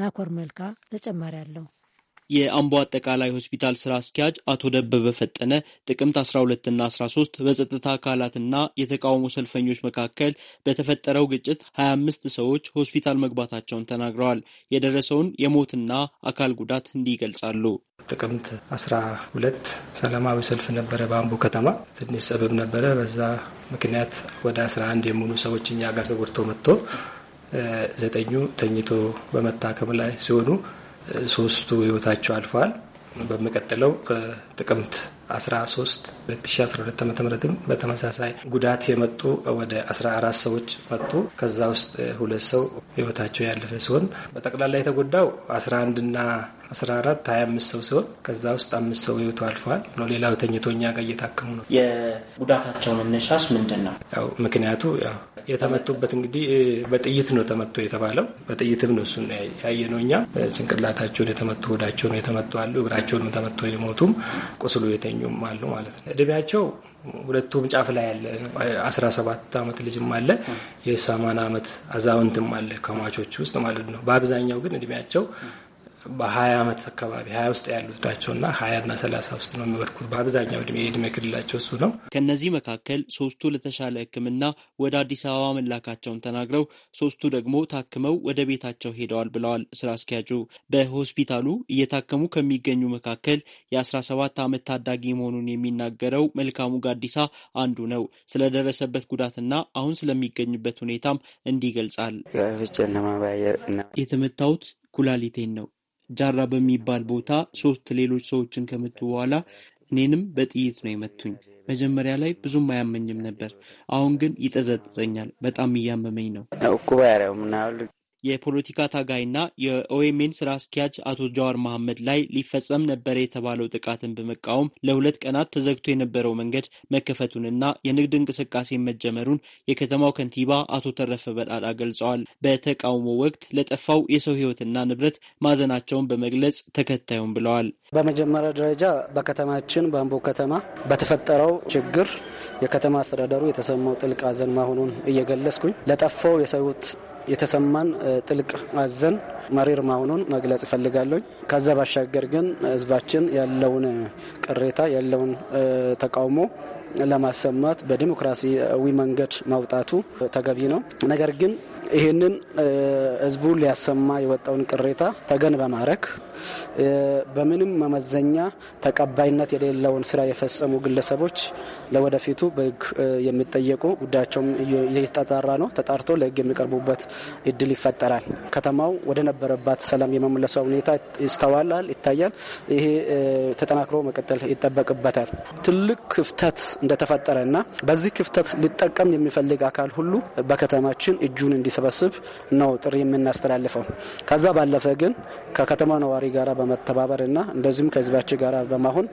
ናኮር መልካ ተጨማሪ አለው። የአምቦ አጠቃላይ ሆስፒታል ስራ አስኪያጅ አቶ ደበበ ፈጠነ ጥቅምት 12ና 13 በጸጥታ አካላትና የተቃውሞ ሰልፈኞች መካከል በተፈጠረው ግጭት 25 ሰዎች ሆስፒታል መግባታቸውን ተናግረዋል። የደረሰውን የሞትና አካል ጉዳት እንዲህ ይገልጻሉ። ጥቅምት 12 ሰላማዊ ሰልፍ ነበረ በአምቦ ከተማ። ትንሽ ሰበብ ነበረ። በዛ ምክንያት ወደ 11 የሚሆኑ ሰዎች እኛ ጋር ተጎድቶ መጥቶ ዘጠኙ ተኝቶ በመታከም ላይ ሲሆኑ ሶስቱ ህይወታቸው አልፈዋል። በሚቀጥለው ጥቅምት 13 2012 ዓ ም በተመሳሳይ ጉዳት የመጡ ወደ 14 ሰዎች መጡ። ከዛ ውስጥ ሁለት ሰው ህይወታቸው ያለፈ ሲሆን በጠቅላላ የተጎዳው 11 ና 14 25 ሰው ሲሆን ከዛ ውስጥ አምስት ሰው ህይወቱ አልፈዋል ነው። ሌላው ተኝቶ እኛ ጋር እየታከሙ ነው። የጉዳታቸው መነሻስ ምንድን ነው? ያው ምክንያቱ ያው የተመቱበት እንግዲህ በጥይት ነው ተመቶ የተባለው በጥይትም ነው እሱን ያየ ነው። እኛ ጭንቅላታቸውን የተመቱ ወዳቸውን የተመቱ አሉ እግራቸውንም ተመቶ የሞቱም ቁስሉ የተኙ የተገኙም አሉ ማለት ነው። እድሜያቸው ሁለቱም ጫፍ ላይ ያለ 17 ዓመት ልጅም አለ የ80 ዓመት አዛውንትም አለ ከሟቾች ውስጥ ማለት ነው። በአብዛኛው ግን እድሜያቸው በሀያ ዓመት አካባቢ ሀያ ውስጥ ያሉት ናቸውና ሀያና ሰላሳ ውስጥ ነው የሚወድቁት በአብዛኛው እድሜ የእድሜ ክልላቸው እሱ ነው። ከእነዚህ መካከል ሶስቱ ለተሻለ ሕክምና ወደ አዲስ አበባ መላካቸውን ተናግረው ሶስቱ ደግሞ ታክመው ወደ ቤታቸው ሄደዋል ብለዋል ስራ አስኪያጁ። በሆስፒታሉ እየታከሙ ከሚገኙ መካከል የአስራ ሰባት ዓመት ታዳጊ መሆኑን የሚናገረው መልካሙ ጋዲሳ አንዱ ነው። ስለደረሰበት ጉዳትና አሁን ስለሚገኝበት ሁኔታም እንዲህ ይገልጻል። የተመታሁት ኩላሊቴን ነው ጃራ በሚባል ቦታ ሶስት ሌሎች ሰዎችን ከመቱ በኋላ እኔንም በጥይት ነው የመቱኝ። መጀመሪያ ላይ ብዙም አያመኝም ነበር። አሁን ግን ይጠዘጥዘኛል። በጣም እያመመኝ ነው። የፖለቲካ ታጋይና የኦኤምኤን ስራ አስኪያጅ አቶ ጃዋር መሐመድ ላይ ሊፈጸም ነበረ የተባለው ጥቃትን በመቃወም ለሁለት ቀናት ተዘግቶ የነበረው መንገድ መከፈቱንና የንግድ እንቅስቃሴ መጀመሩን የከተማው ከንቲባ አቶ ተረፈ በጣዳ ገልጸዋል። በተቃውሞ ወቅት ለጠፋው የሰው ሕይወትና ንብረት ማዘናቸውን በመግለጽ ተከታዩም ብለዋል። በመጀመሪያ ደረጃ በከተማችን በአምቦ ከተማ በተፈጠረው ችግር የከተማ አስተዳደሩ የተሰማው ጥልቅ ሐዘን መሆኑን እየገለጽኩኝ ለጠፋው የሰውት የተሰማን ጥልቅ አዘን መሪር መሆኑን መግለጽ እፈልጋለሁ። ከዛ ባሻገር ግን ህዝባችን ያለውን ቅሬታ ያለውን ተቃውሞ ለማሰማት በዲሞክራሲያዊ መንገድ ማውጣቱ ተገቢ ነው። ነገር ግን ይህንን ህዝቡ ሊያሰማ የወጣውን ቅሬታ ተገን በማድረግ በምንም መመዘኛ ተቀባይነት የሌለውን ስራ የፈጸሙ ግለሰቦች ለወደፊቱ በህግ የሚጠየቁ ጉዳያቸውም እየተጣራ ነው፣ ተጣርቶ ለህግ የሚቀርቡበት እድል ይፈጠራል። ከተማው ወደ ነበረባት ሰላም የመመለሷ ሁኔታ ይስተዋላል፣ ይታያል። ይሄ ተጠናክሮ መቀጠል ይጠበቅበታል። ትልቅ ክፍተት እንደተፈጠረና በዚህ ክፍተት ሊጠቀም የሚፈልግ አካል ሁሉ በከተማችን እጁን እንዲሰ እንድንሰበስብ ነው ጥሪ የምናስተላልፈው። ከዛ ባለፈ ግን ከከተማ ነዋሪ ጋራ በመተባበር እና እንደዚሁም ከህዝባችን ጋራ በማሆን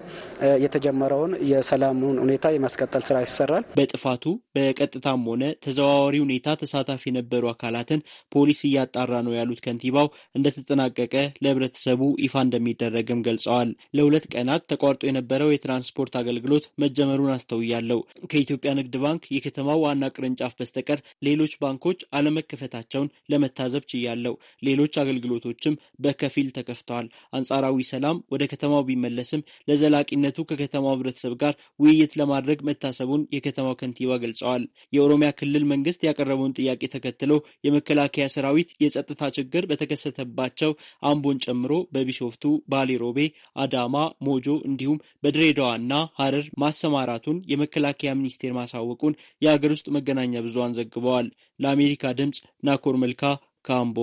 የተጀመረውን የሰላሙን ሁኔታ የማስቀጠል ስራ ይሰራል። በጥፋቱ በቀጥታም ሆነ ተዘዋዋሪ ሁኔታ ተሳታፊ የነበሩ አካላትን ፖሊስ እያጣራ ነው ያሉት ከንቲባው እንደተጠናቀቀ ለህብረተሰቡ ይፋ እንደሚደረግም ገልጸዋል። ለሁለት ቀናት ተቋርጦ የነበረው የትራንስፖርት አገልግሎት መጀመሩን አስተውያለሁ። ከኢትዮጵያ ንግድ ባንክ የከተማው ዋና ቅርንጫፍ በስተቀር ሌሎች ባንኮች አለመከ መከፈታቸውን ለመታዘብ ችያለው። ሌሎች አገልግሎቶችም በከፊል ተከፍተዋል። አንጻራዊ ሰላም ወደ ከተማው ቢመለስም ለዘላቂነቱ ከከተማው ህብረተሰብ ጋር ውይይት ለማድረግ መታሰቡን የከተማው ከንቲባ ገልጸዋል። የኦሮሚያ ክልል መንግስት ያቀረበውን ጥያቄ ተከትሎ የመከላከያ ሰራዊት የጸጥታ ችግር በተከሰተባቸው አምቦን ጨምሮ በቢሾፍቱ፣ ባሌሮቤ፣ አዳማ፣ ሞጆ እንዲሁም በድሬዳዋና ሀረር ማሰማራቱን የመከላከያ ሚኒስቴር ማሳወቁን የሀገር ውስጥ መገናኛ ብዙሃን ዘግበዋል። ለአሜሪካ ድምፅ ናኮር መልካ ካምቦ።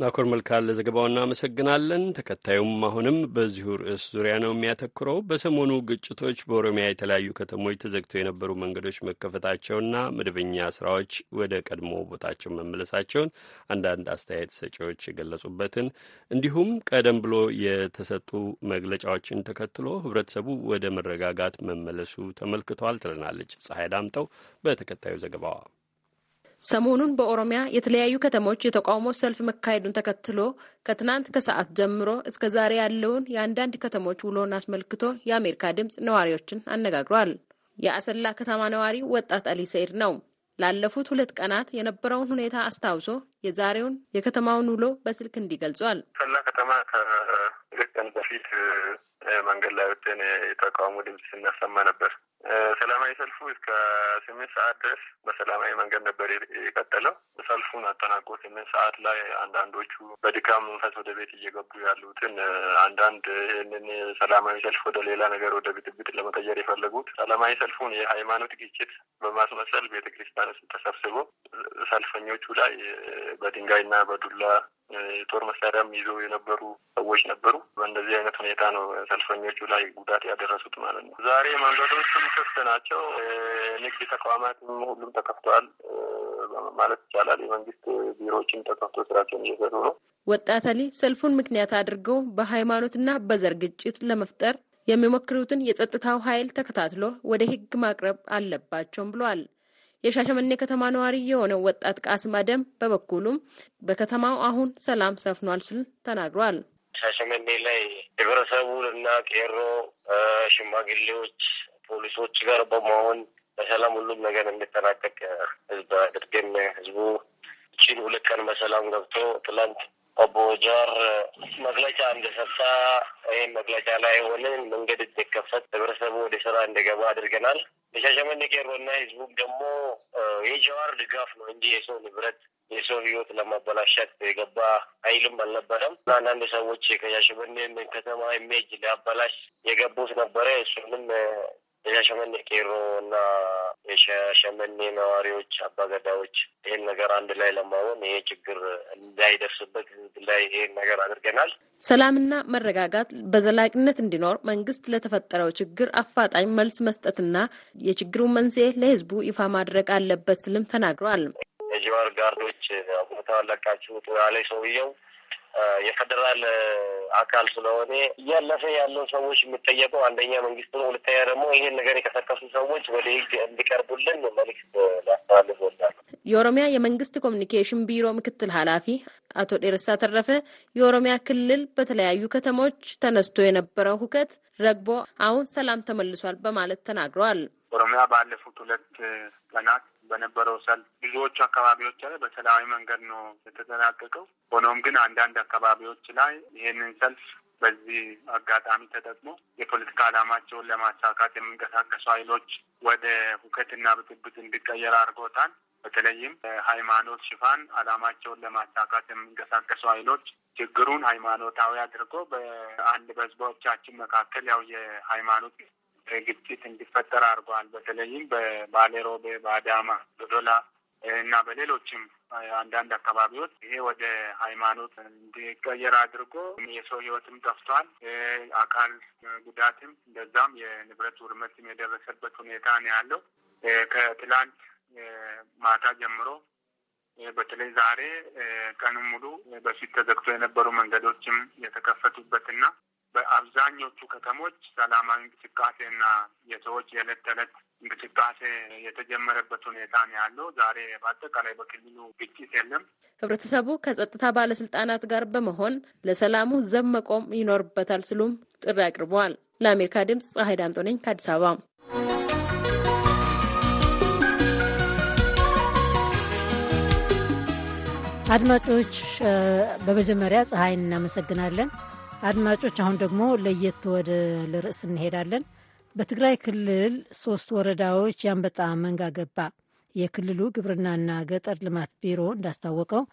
ናኮር መልካ ለዘገባው እናመሰግናለን። ተከታዩም አሁንም በዚሁ ርዕስ ዙሪያ ነው የሚያተኩረው። በሰሞኑ ግጭቶች በኦሮሚያ የተለያዩ ከተሞች ተዘግተው የነበሩ መንገዶች መከፈታቸውና መደበኛ ስራዎች ወደ ቀድሞ ቦታቸው መመለሳቸውን አንዳንድ አስተያየት ሰጪዎች የገለጹበትን እንዲሁም ቀደም ብሎ የተሰጡ መግለጫዎችን ተከትሎ ህብረተሰቡ ወደ መረጋጋት መመለሱ ተመልክቷል ትለናለች ፀሐይ ዳምጠው በተከታዩ ዘገባዋ። ሰሞኑን በኦሮሚያ የተለያዩ ከተሞች የተቃውሞ ሰልፍ መካሄዱን ተከትሎ ከትናንት ከሰዓት ጀምሮ እስከ ዛሬ ያለውን የአንዳንድ ከተሞች ውሎን አስመልክቶ የአሜሪካ ድምፅ ነዋሪዎችን አነጋግሯል። የአሰላ ከተማ ነዋሪ ወጣት አሊ ሰይድ ነው። ላለፉት ሁለት ቀናት የነበረውን ሁኔታ አስታውሶ የዛሬውን የከተማውን ውሎ በስልክ እንዲህ ገልጿል። አሰላ ከተማ ከሁለት ቀን በፊት መንገድ ላይ ወጥተን የተቃውሞ ድምፅ ስናሰማ ነበር። ሰላማዊ ሰልፉ እስከ ስምንት ሰዓት ድረስ በሰላማዊ መንገድ ነበር የቀጠለው። ሰልፉን አጠናቆ ስምንት ሰዓት ላይ አንዳንዶቹ በድካም መንፈስ ወደ ቤት እየገቡ ያሉትን አንዳንድ ይህንን ሰላማዊ ሰልፍ ወደ ሌላ ነገር ወደ ብጥብጥ ለመቀየር የፈለጉት ሰላማዊ ሰልፉን የሃይማኖት ግጭት በማስመሰል ቤተ ክርስቲያን ውስጥ ተሰብስቦ ሰልፈኞቹ ላይ በድንጋይና በዱላ የጦር መሳሪያም ይዘው የነበሩ ሰዎች ነበሩ። በእንደዚህ አይነት ሁኔታ ነው ሰልፈኞቹ ላይ ጉዳት ያደረሱት ማለት ነው። ዛሬ መንገዶችም ክፍት ናቸው። ንግድ ተቋማትም ሁሉም ተከፍተዋል ማለት ይቻላል። የመንግስት ቢሮዎችም ተከፍቶ ስራቸውን እየሰሩ ነው። ወጣት አሊ ሰልፉን ምክንያት አድርገው በሃይማኖትና በዘር ግጭት ለመፍጠር የሚሞክሩትን የጸጥታው ኃይል ተከታትሎ ወደ ህግ ማቅረብ አለባቸውም ብለዋል። የሻሸመኔ ከተማ ነዋሪ የሆነው ወጣት ቃስም አደም በበኩሉም በከተማው አሁን ሰላም ሰፍኗል ስል ተናግሯል። ሻሸመኔ ላይ ህብረተሰቡ እና ቄሮ ሽማግሌዎች ፖሊሶች ጋር በመሆን በሰላም ሁሉም ነገር እንዲጠናቀቅ ህዝብ አድርገን ህዝቡ ቺን ሁለት ቀን በሰላም ገብቶ ትላንት አቦጃር መግለጫ እንደሰጣ ይህም መግለጫ ላይ ሆንን መንገድ እንዲከፈት ህብረተሰቡ ወደ ስራ እንደገባ አድርገናል። የሻሸመኔ ቄሮና ህዝቡም ደግሞ የጀዋር ድጋፍ ነው እንጂ የሰው ንብረት የሰው ህይወት ለማበላሸት የገባ ኃይልም አልነበረም። አንዳንድ ሰዎች ከሻሸመኔ ከተማ ኢሜጅ ሊያበላሽ የገቡት ነበረ። እሱንም የሻሸመኔ ቄሮ እና የሻሸመኔ ነዋሪዎች አባገዳዎች ይህን ነገር አንድ ላይ ለማሆን ይሄ ችግር እንዳይደርስበት ህዝብ ላይ ይህን ነገር አድርገናል። ሰላምና መረጋጋት በዘላቂነት እንዲኖር መንግስት ለተፈጠረው ችግር አፋጣኝ መልስ መስጠትና የችግሩን መንስኤ ለህዝቡ ይፋ ማድረግ አለበት ስልም ተናግረዋል። የጀዋር ጋርዶች ቦታ ለቃችሁ ያለ ሰውየው የፌዴራል አካል ስለሆነ እያለፈ ያለው ሰዎች የሚጠየቀው አንደኛ መንግስት ነው፣ ሁለተኛ ደግሞ ይሄን ነገር የቀሰቀሱ ሰዎች ወደ ህግ እንዲቀርቡልን መልዕክት ሊያስተላልፍ ወዳለ የኦሮሚያ የመንግስት ኮሚኒኬሽን ቢሮ ምክትል ኃላፊ አቶ ዴርሳ ተረፈ የኦሮሚያ ክልል በተለያዩ ከተሞች ተነስቶ የነበረው ሁከት ረግቦ አሁን ሰላም ተመልሷል በማለት ተናግረዋል። ኦሮሚያ ባለፉት ሁለት ቀናት በነበረው ሰልፍ ብዙዎቹ አካባቢዎች ላይ በሰላማዊ መንገድ ነው የተጠናቀቀው። ሆኖም ግን አንዳንድ አካባቢዎች ላይ ይህንን ሰልፍ በዚህ አጋጣሚ ተጠቅሞ የፖለቲካ ዓላማቸውን ለማሳካት የሚንቀሳቀሱ ኃይሎች ወደ ሁከትና ብጥብጥ እንዲቀየር አድርጎታል። በተለይም ሃይማኖት ሽፋን ዓላማቸውን ለማሳካት የሚንቀሳቀሱ ኃይሎች ችግሩን ሃይማኖታዊ አድርጎ በአንድ በህዝቦቻችን መካከል ያው የሃይማኖት ግጭት እንዲፈጠር አድርጓል። በተለይም በባሌሮቤ፣ በአዳማ፣ በዶላ እና በሌሎችም አንዳንድ አካባቢዎች ይሄ ወደ ሃይማኖት እንዲቀየር አድርጎ የሰው ህይወትም ጠፍቷል። አካል ጉዳትም እንደዛም የንብረት ውድመትም የደረሰበት ሁኔታ ነው ያለው። ከትላንት ማታ ጀምሮ በተለይ ዛሬ ቀንም ሙሉ በፊት ተዘግቶ የነበሩ መንገዶችም የተከፈቱበትና በአብዛኞቹ ከተሞች ሰላማዊ እንቅስቃሴና የሰዎች የዕለት ተዕለት እንቅስቃሴ የተጀመረበት ሁኔታ ነው ያለው። ዛሬ በአጠቃላይ በክልሉ ግጭት የለም። ህብረተሰቡ ከጸጥታ ባለስልጣናት ጋር በመሆን ለሰላሙ ዘብ መቆም ይኖርበታል ሲሉም ጥሪ አቅርበዋል። ለአሜሪካ ድምፅ ፀሐይ ዳምጦ ነኝ ከአዲስ አበባ። አድማጮች፣ በመጀመሪያ ፀሐይን እናመሰግናለን። አድማጮች አሁን ደግሞ ለየት ወደ ለርዕስ እንሄዳለን። በትግራይ ክልል ሶስት ወረዳዎች ያንበጣ መንጋ ገባ። የክልሉ ግብርናና ገጠር ልማት ቢሮ እንዳስታወቀው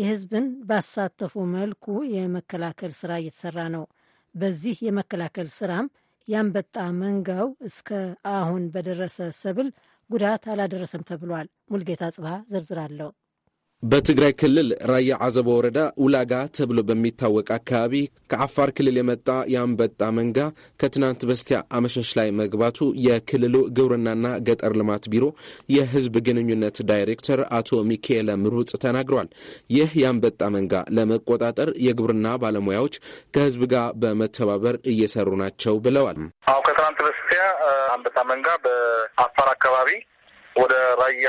የሕዝብን ባሳተፉ መልኩ የመከላከል ስራ እየተሰራ ነው። በዚህ የመከላከል ስራም ያንበጣ መንጋው እስከ አሁን በደረሰ ሰብል ጉዳት አላደረሰም ተብሏል። ሙልጌታ ጽብሃ ዝርዝር አለው። በትግራይ ክልል ራያ አዘቦ ወረዳ ውላጋ ተብሎ በሚታወቅ አካባቢ ከአፋር ክልል የመጣ የአንበጣ መንጋ ከትናንት በስቲያ አመሻሽ ላይ መግባቱ የክልሉ ግብርናና ገጠር ልማት ቢሮ የሕዝብ ግንኙነት ዳይሬክተር አቶ ሚካኤል ምሩጽ ተናግሯል። ይህ የአንበጣ መንጋ ለመቆጣጠር የግብርና ባለሙያዎች ከሕዝብ ጋር በመተባበር እየሰሩ ናቸው ብለዋል። አሁ ከትናንት በስቲያ አንበጣ መንጋ በአፋር አካባቢ ወደ ራያ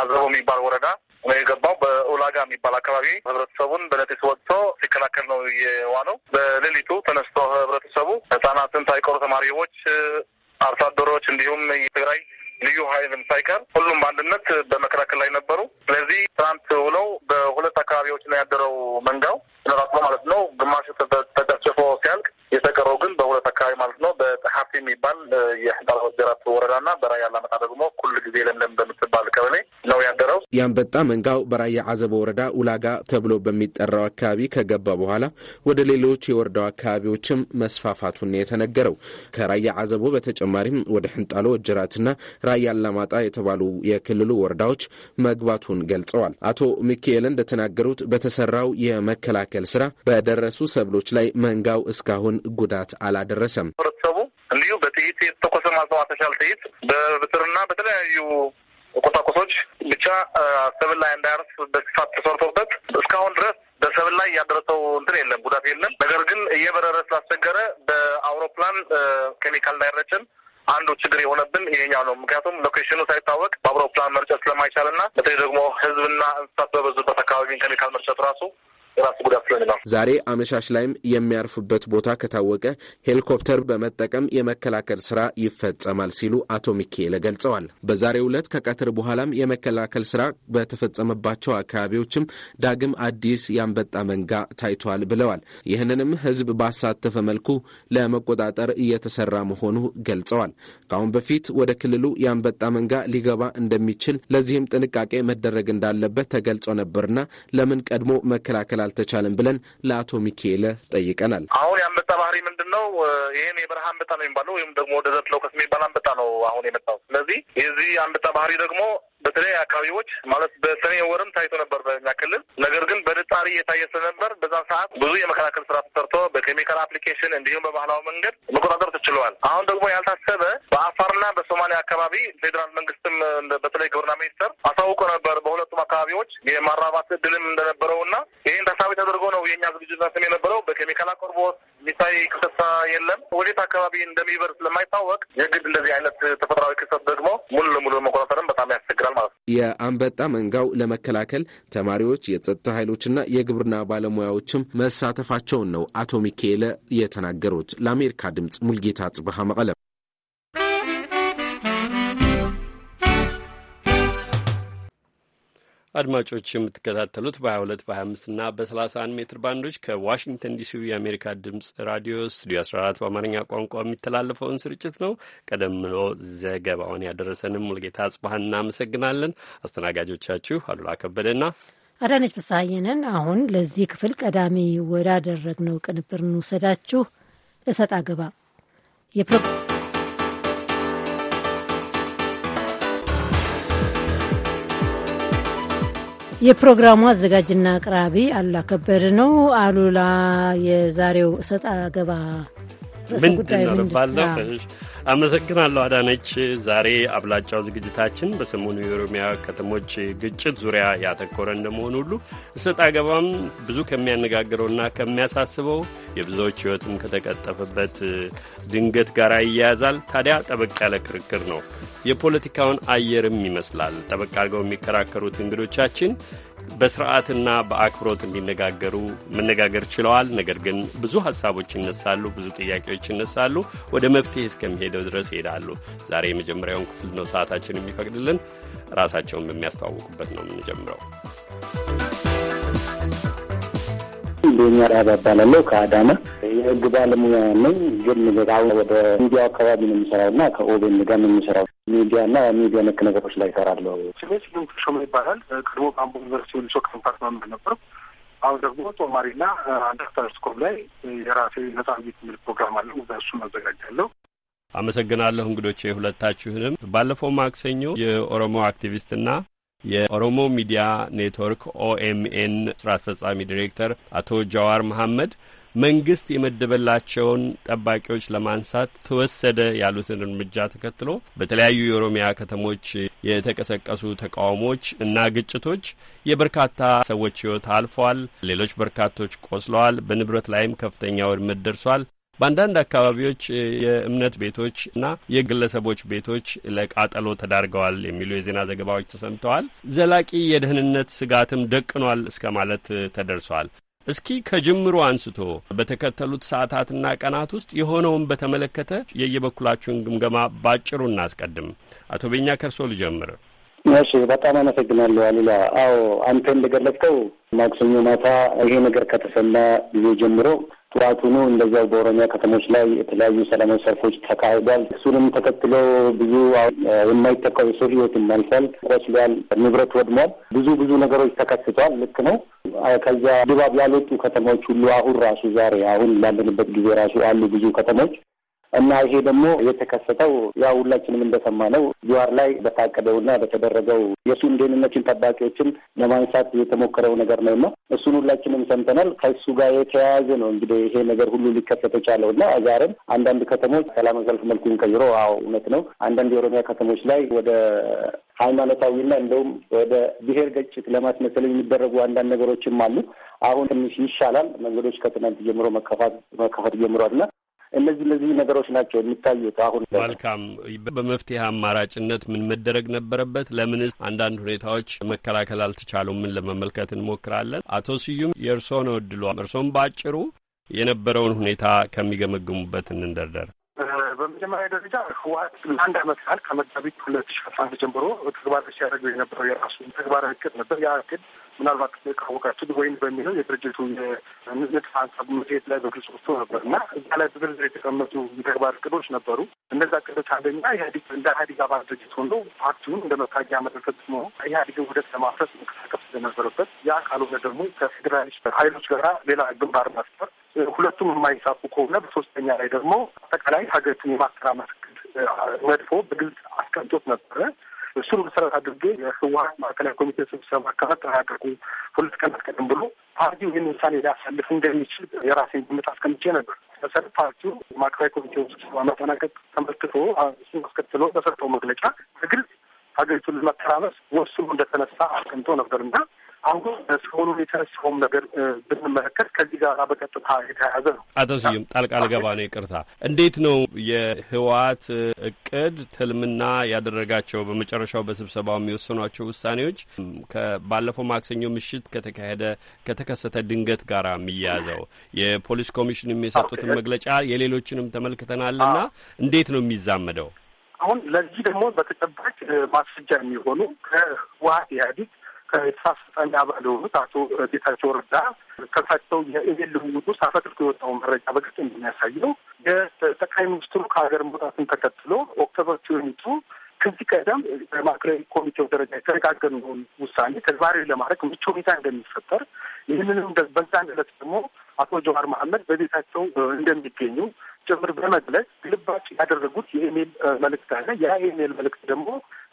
አዘቦ የሚባል ወረዳ ነው የገባው። በኡላጋ የሚባል አካባቢ ህብረተሰቡን በነጢስ ወጥቶ ሲከላከል ነው የዋለው። በሌሊቱ ተነስቶ ህብረተሰቡ ህጻናትን ሳይቀሩ ተማሪዎች፣ አርሶ አደሮች እንዲሁም የትግራይ ልዩ ኃይልም ሳይቀር ሁሉም በአንድነት በመከላከል ላይ ነበሩ። ስለዚህ ትናንት ውለው በሁለት አካባቢዎች ነው ያደረው መንጋው ተነጣጥሎ ማለት ነው። ግማሹ ተጨፍጭፎ ሲያልቅ የተቀረው ግን በሁለት አካባቢ ማለት ነው በጠ ራሴ የሚባል የህንጣላ ወጀራት ወረዳና በራያ አላመጣ ደግሞ ሁል ጊዜ ለምለም በምትባል ቀበሌ ነው ያደረው። የአንበጣ መንጋው በራያ አዘበ ወረዳ ውላጋ ተብሎ በሚጠራው አካባቢ ከገባ በኋላ ወደ ሌሎች የወረዳው አካባቢዎችም መስፋፋቱን የተነገረው ከራያ አዘቦ በተጨማሪም ወደ ህንጣሎ ወጀራትና ራያ አላማጣ የተባሉ የክልሉ ወረዳዎች መግባቱን ገልጸዋል። አቶ ሚካኤል እንደተናገሩት በተሰራው የመከላከል ስራ በደረሱ ሰብሎች ላይ መንጋው እስካሁን ጉዳት አላደረሰም። ህብረተሰቡ እንዲሁ በጥይት የተተኮሰ ማሰማተሻል ጥይት በብትርና በተለያዩ ቁሳቁሶች ብቻ ሰብል ላይ እንዳያርስ በስፋት ተሰርቶበት እስካሁን ድረስ በሰብል ላይ ያደረሰው እንትን የለም፣ ጉዳት የለም። ነገር ግን እየበረረ ስላስቸገረ በአውሮፕላን ኬሚካል እንዳይረጭን አንዱ ችግር የሆነብን ይሄኛው ነው። ምክንያቱም ሎኬሽኑ ሳይታወቅ በአውሮፕላን መርጨት ስለማይቻልና በተለይ ደግሞ ሕዝብና እንስሳት በበዙበት አካባቢ ኬሚካል መርጨት ራሱ የራሱ ጉዳት ሲሆን ነው። ዛሬ አመሻሽ ላይም የሚያርፉበት ቦታ ከታወቀ ሄሊኮፕተር በመጠቀም የመከላከል ስራ ይፈጸማል ሲሉ አቶ ሚካኤል ገልጸዋል። በዛሬው ዕለት ከቀትር በኋላም የመከላከል ስራ በተፈጸመባቸው አካባቢዎችም ዳግም አዲስ የአንበጣ መንጋ ታይቷል ብለዋል። ይህንንም ህዝብ ባሳተፈ መልኩ ለመቆጣጠር እየተሰራ መሆኑ ገልጸዋል። ከአሁን በፊት ወደ ክልሉ የአንበጣ መንጋ ሊገባ እንደሚችል ለዚህም ጥንቃቄ መደረግ እንዳለበት ተገልጾ ነበርና ለምን ቀድሞ መከላከል አልተቻለም ብለን ለአቶ ሚካኤለ ጠይቀናል። አሁን የአንበጣ ባህሪ ምንድን ነው? ይህን የበረሃ አንበጣ ነው የሚባለው ወይም ደግሞ ደዘርት ሎከስ የሚባል አንበጣ ነው አሁን የመጣው። ስለዚህ የዚህ አንበጣ ባህሪ ደግሞ በተለይ አካባቢዎች ማለት በሰኔ ወርም ታይቶ ነበር በኛ ክልል። ነገር ግን በንጣሪ እየታየ ስለነበር በዛን ሰዓት ብዙ የመከላከል ስራ ተሰርቶ በኬሚካል አፕሊኬሽን እንዲሁም በባህላዊ መንገድ መቆጣጠር ተችሏል። አሁን ደግሞ ያልታሰበ በአፋርና በሶማሊያ አካባቢ ፌዴራል መንግስትም በተለይ ግብርና ሚኒስተር አሳውቆ ነበር በሁለቱም አካባቢዎች የማራባት እድልም እንደነበረውና ይህን ታሳቢ ተደርጎ ነው የእኛ ዝግጅት ስም የነበረው በኬሚካል አቅርቦት ሚሳይ ክሰሳ የለም። ወዴት አካባቢ እንደሚበር ስለማይታወቅ የግድ እንደዚህ አይነት ተፈጥሯዊ ክስተት ደግሞ ሙሉ ለሙሉ መቆጣጠርም የአንበጣ መንጋው ለመከላከል ተማሪዎች፣ የጸጥታ ኃይሎችና የግብርና ባለሙያዎችም መሳተፋቸውን ነው አቶ ሚካኤለ የተናገሩት። ለአሜሪካ ድምፅ ሙልጌታ ጽብሃ መቀለም አድማጮች የምትከታተሉት በ22 በ25 እና በ31 ሜትር ባንዶች ከዋሽንግተን ዲሲ የአሜሪካ ድምፅ ራዲዮ ስቱዲዮ 14 በአማርኛ ቋንቋ የሚተላለፈውን ስርጭት ነው። ቀደም ብሎ ዘገባውን ያደረሰንም ሙልጌታ አጽባህን እናመሰግናለን። አስተናጋጆቻችሁ አሉላ ከበደና አዳነች ፍስሐየንን። አሁን ለዚህ ክፍል ቀዳሚ ወዳደረግነው ቅንብር እንውሰዳችሁ። እሰጥ አገባ የፕሮግራም የፕሮግራሙ አዘጋጅና አቅራቢ አሉላ ከበደ ነው። አሉላ፣ የዛሬው እሰጥ አገባ ርዕሰ ጉዳይ ምንድን ነው? አመሰግናለሁ አዳነች። ዛሬ አብላጫው ዝግጅታችን በሰሞኑ የኦሮሚያ ከተሞች ግጭት ዙሪያ ያተኮረ እንደመሆኑ ሁሉ እሰጥ አገባም ብዙ ከሚያነጋግረውና ከሚያሳስበው የብዙዎች ሕይወትም ከተቀጠፈበት ድንገት ጋር ይያያዛል። ታዲያ ጠበቅ ያለ ክርክር ነው። የፖለቲካውን አየርም ይመስላል ጠበቅ አድርገው የሚከራከሩት እንግዶቻችን በስርዓትና በአክብሮት እንዲነጋገሩ መነጋገር ችለዋል። ነገር ግን ብዙ ሀሳቦች ይነሳሉ፣ ብዙ ጥያቄዎች ይነሳሉ። ወደ መፍትሄ እስከሚሄደው ድረስ ይሄዳሉ። ዛሬ የመጀመሪያውን ክፍል ነው ሰዓታችን የሚፈቅድልን። ራሳቸውን በሚያስተዋውቁበት ነው የምንጀምረው። እንዴኛ ራብ እባላለሁ ከአዳማ የህግ ባለሙያ ነኝ። ግን ወደ እንዲያው አካባቢ ነው የሚሰራው እና ከኦቤን ጋር ነው የሚሰራው ሚዲያ ሚዲያና ሚዲያ ነክ ነገሮች ላይ ይሰራለሁ። ስሜ ስዩም ተሾመ ይባላል። ቀድሞ በአምቦ ዩኒቨርሲቲ ልሶ ካምፓርት መምህር ነበርኩ። አሁን ደግሞ ጦማሪና አንዳፍታር ስኮም ላይ የራሴ ነጻ ቤት ምል ፕሮግራም አለ። እዛ እሱን አዘጋጃለሁ። አመሰግናለሁ እንግዶቼ ሁለታችሁንም። ባለፈው ማክሰኞ የኦሮሞ አክቲቪስትና የኦሮሞ ሚዲያ ኔትወርክ ኦኤምኤን ስራ አስፈጻሚ ዲሬክተር አቶ ጃዋር መሐመድ መንግስት የመደበላቸውን ጠባቂዎች ለማንሳት ተወሰደ ያሉትን እርምጃ ተከትሎ በተለያዩ የኦሮሚያ ከተሞች የተቀሰቀሱ ተቃውሞዎች እና ግጭቶች የበርካታ ሰዎች ሕይወት አልፏል። ሌሎች በርካቶች ቆስለዋል። በንብረት ላይም ከፍተኛ ውድመት ደርሷል። በአንዳንድ አካባቢዎች የእምነት ቤቶች እና የግለሰቦች ቤቶች ለቃጠሎ ተዳርገዋል የሚሉ የዜና ዘገባዎች ተሰምተዋል። ዘላቂ የደህንነት ስጋትም ደቅኗል እስከ ማለት ተደርሷል። እስኪ ከጅምሩ አንስቶ በተከተሉት ሰዓታትና ቀናት ውስጥ የሆነውን በተመለከተ የየበኩላችሁን ግምገማ ባጭሩ እናስቀድም። አቶ ቤኛ ከርሶ ልጀምር። እሺ፣ በጣም አመሰግናለሁ አሉላ። አዎ አንተ እንደገለጽከው ማክሰኞ ማታ ይሄ ነገር ከተሰማ ጊዜ ጀምሮ ጥዋቱኑ እንደዚያው በኦሮሚያ ከተሞች ላይ የተለያዩ ሰላማዊ ሰልፎች ተካሂዷል። እሱንም ተከትሎ ብዙ የማይጠቀሱ ሰው ህይወትም አልፏል፣ ቆስሏል፣ ንብረት ወድሟል። ብዙ ብዙ ነገሮች ተከስቷል። ልክ ነው። ከዚያ ድባብ ያልወጡ ከተሞች ሁሉ አሁን ራሱ ዛሬ አሁን ላለንበት ጊዜ ራሱ አሉ ብዙ ከተሞች እና ይሄ ደግሞ የተከሰተው ያው ሁላችንም እንደሰማ ነው ዩአር ላይ በታቀደውና በተደረገው የእሱን ደህንነትን ጠባቂዎችን ለማንሳት የተሞከረው ነገር ነው እና እሱን ሁላችንም ሰምተናል። ከእሱ ጋር የተያያዘ ነው እንግዲህ ይሄ ነገር ሁሉ ሊከሰት የቻለው እና ዛሬም አንዳንድ ከተሞች ሰላም ሰልፍ መልኩን ቀይሮ፣ አዎ እውነት ነው አንዳንድ የኦሮሚያ ከተሞች ላይ ወደ ሃይማኖታዊና እንደውም ወደ ብሔር ግጭት ለማስመሰል የሚደረጉ አንዳንድ ነገሮችም አሉ። አሁን ትንሽ ይሻላል። መንገዶች ከትናንት ጀምሮ መከፋት መከፈት ጀምሯልና እነዚህ እነዚህ ነገሮች ናቸው የሚታዩት። አሁን መልካም በመፍትሄ አማራጭነት ምን መደረግ ነበረበት? ለምንስ አንዳንድ ሁኔታዎች መከላከል አልተቻሉ? ምን ለመመልከት እንሞክራለን። አቶ ስዩም የእርስዎ ነው እድሉ። እርስዎም በአጭሩ የነበረውን ሁኔታ ከሚገመግሙበት እንንደርደር። በመጀመሪያ ደረጃ ህወሀት ለአንድ አመት ያህል ከመጋቢት ሁለት ሺ አስራ አንድ ጀምሮ ተግባራዊ ሲያደርገው የነበረው የራሱ ተግባራዊ እቅድ ነበር። ያ እቅድ ምናልባት ካወቃችን ወይም በሚለው የድርጅቱ የንድፈ ሀሳብ መጽሔት ላይ በግልጽ ወጥቶ ነበር እና እዛ ላይ በዝርዝር የተቀመጡ የተግባር እቅዶች ነበሩ። እነዛ እቅዶች አንደኛ ኢህአዲግ እንደ ኢህአዲግ አባል ድርጅት ሆኖ ፓርቲውን እንደ መታጊያ መጠቀት ነው ኢህአዲግን ውህደት ለማፍረስ እንቅስቃሴ ስለነበረበት፣ ያ ካልሆነ ደግሞ ከፌዴራሊስት ኃይሎች ጋራ ሌላ ግንባር መፍጠር ሁለቱም የማይሳፉ ከሆነ በሶስተኛ ላይ ደግሞ አጠቃላይ ሀገሪቱን የማከራመስ መድፎ በግልጽ አስቀምጦት ነበረ። እሱን መሰረት አድርጌ የህወሀት ማዕከላዊ ኮሚቴ ስብሰባ ከመጠናቀቁ ሁለት ቀናት ቀደም ብሎ ፓርቲው ይህን ውሳኔ ሊያሳልፍ እንደሚችል የራሴን ግምት አስቀምጬ ነበር። መሰረት ፓርቲው ማዕከላዊ ኮሚቴውን ስብሰባ መጠናቀቅ ተመልክቶ እሱን አስከትሎ በሰጠው መግለጫ በግልጽ ሀገሪቱን ለመተራመስ ወስኖ እንደተነሳ አስቀምጦ ነበር እና አሁን በሰሆኑ የተነሳውም ነገር ብንመለከት ከዚህ ጋር በቀጥታ የተያያዘ ነው። አቶ ስዩም ጣልቃ ልገባ ነው፣ ይቅርታ። እንዴት ነው የህወሓት እቅድ ትልምና ያደረጋቸው በመጨረሻው በስብሰባው የሚወሰኗቸው ውሳኔዎች ባለፈው ማክሰኞ ምሽት ከተካሄደ ከተከሰተ ድንገት ጋር የሚያያዘው የፖሊስ ኮሚሽንም የሰጡትን መግለጫ የሌሎችንም ተመልክተናል ተመልክተናልና እንዴት ነው የሚዛመደው? አሁን ለዚህ ደግሞ በተጨባጭ ማስረጃ የሚሆኑ ከህወሓት ኢህአዴግ የተሳሳተና አባል የሆኑት አቶ ጌታቸው ረዳ ከሳቸው የኢሜል ልውውጡ ሳፈትልኩ የወጣው መረጃ በግልጽ እንደሚያሳየው የጠቅላይ ሚኒስትሩ ከሀገር መውጣትን ተከትሎ ኦክቶበር ቱኒቱ ከዚህ ቀደም በማዕከላዊ ኮሚቴው ደረጃ የተነጋገርነውን ውሳኔ ተግባራዊ ለማድረግ ምቹ ሁኔታ እንደሚፈጠር ይህንንም በዛን ዕለት ደግሞ አቶ ጀዋር መሐመድ በቤታቸው እንደሚገኙ ጭምር በመግለጽ ግልባጭ ያደረጉት የኢሜል መልእክት አለ። ያ የኢሜል መልእክት ደግሞ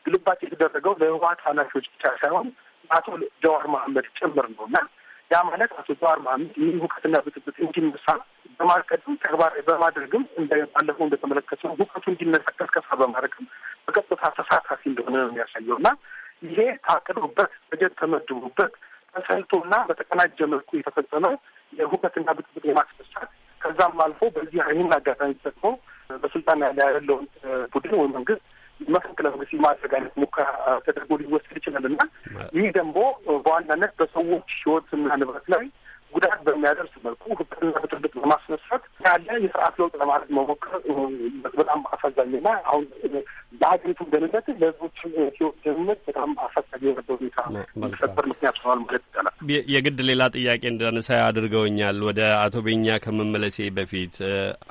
ግልባጭ የተደረገው ለህወሓት ኃላፊዎች ብቻ ሳይሆን አቶ ጀዋር መሀመድ ጭምር ነው እና ያ ማለት አቶ ጀዋር መሀመድ ይህ ሁከትና ብጥብጥ እንዲነሳ በማቀድም ተግባራዊ በማድረግም ባለፈው እንደተመለከተው ሁከቱ እንዲነሳ ቀስቀሳ በማድረግም በቀጥታ ተሳታፊ እንደሆነ ነው የሚያሳየው እና ይሄ ታቅዶበት በጀት ተመድቦበት ተሰልቶና በተቀናጀ መልኩ የተፈጸመ የሁከትና ብጥብጥ የማስነሳት ከዛም አልፎ በዚህ ይህን አጋጣሚ ተጠቅሞ በስልጣን ያለውን ቡድን ወይ መንግስት መካከለ መንግስት ማድረግ አይነት ሙከራ ተደርጎ ሊወሰድ ይችላል እና ይህ ደግሞ በዋናነት በሰዎች ህይወትና ንብረት ላይ ጉዳት በሚያደርስ መልኩ ህግና ብጥብጥ በማስነሳት ያለ የስርዓት ለውጥ ለማድረግ መሞከር በጣም አሳዛኝና አሁን ለሀገሪቱም ደህንነት ለህዝቦችም ህይወት ደህንነት በጣም አሳሳቢ የነበረ ሁኔታ እንዲፈጠር ምክንያት ሆኗል ማለት ይቻላል። የግድ ሌላ ጥያቄ እንዳነሳ አድርገውኛል። ወደ አቶ ቤኛ ከመመለሴ በፊት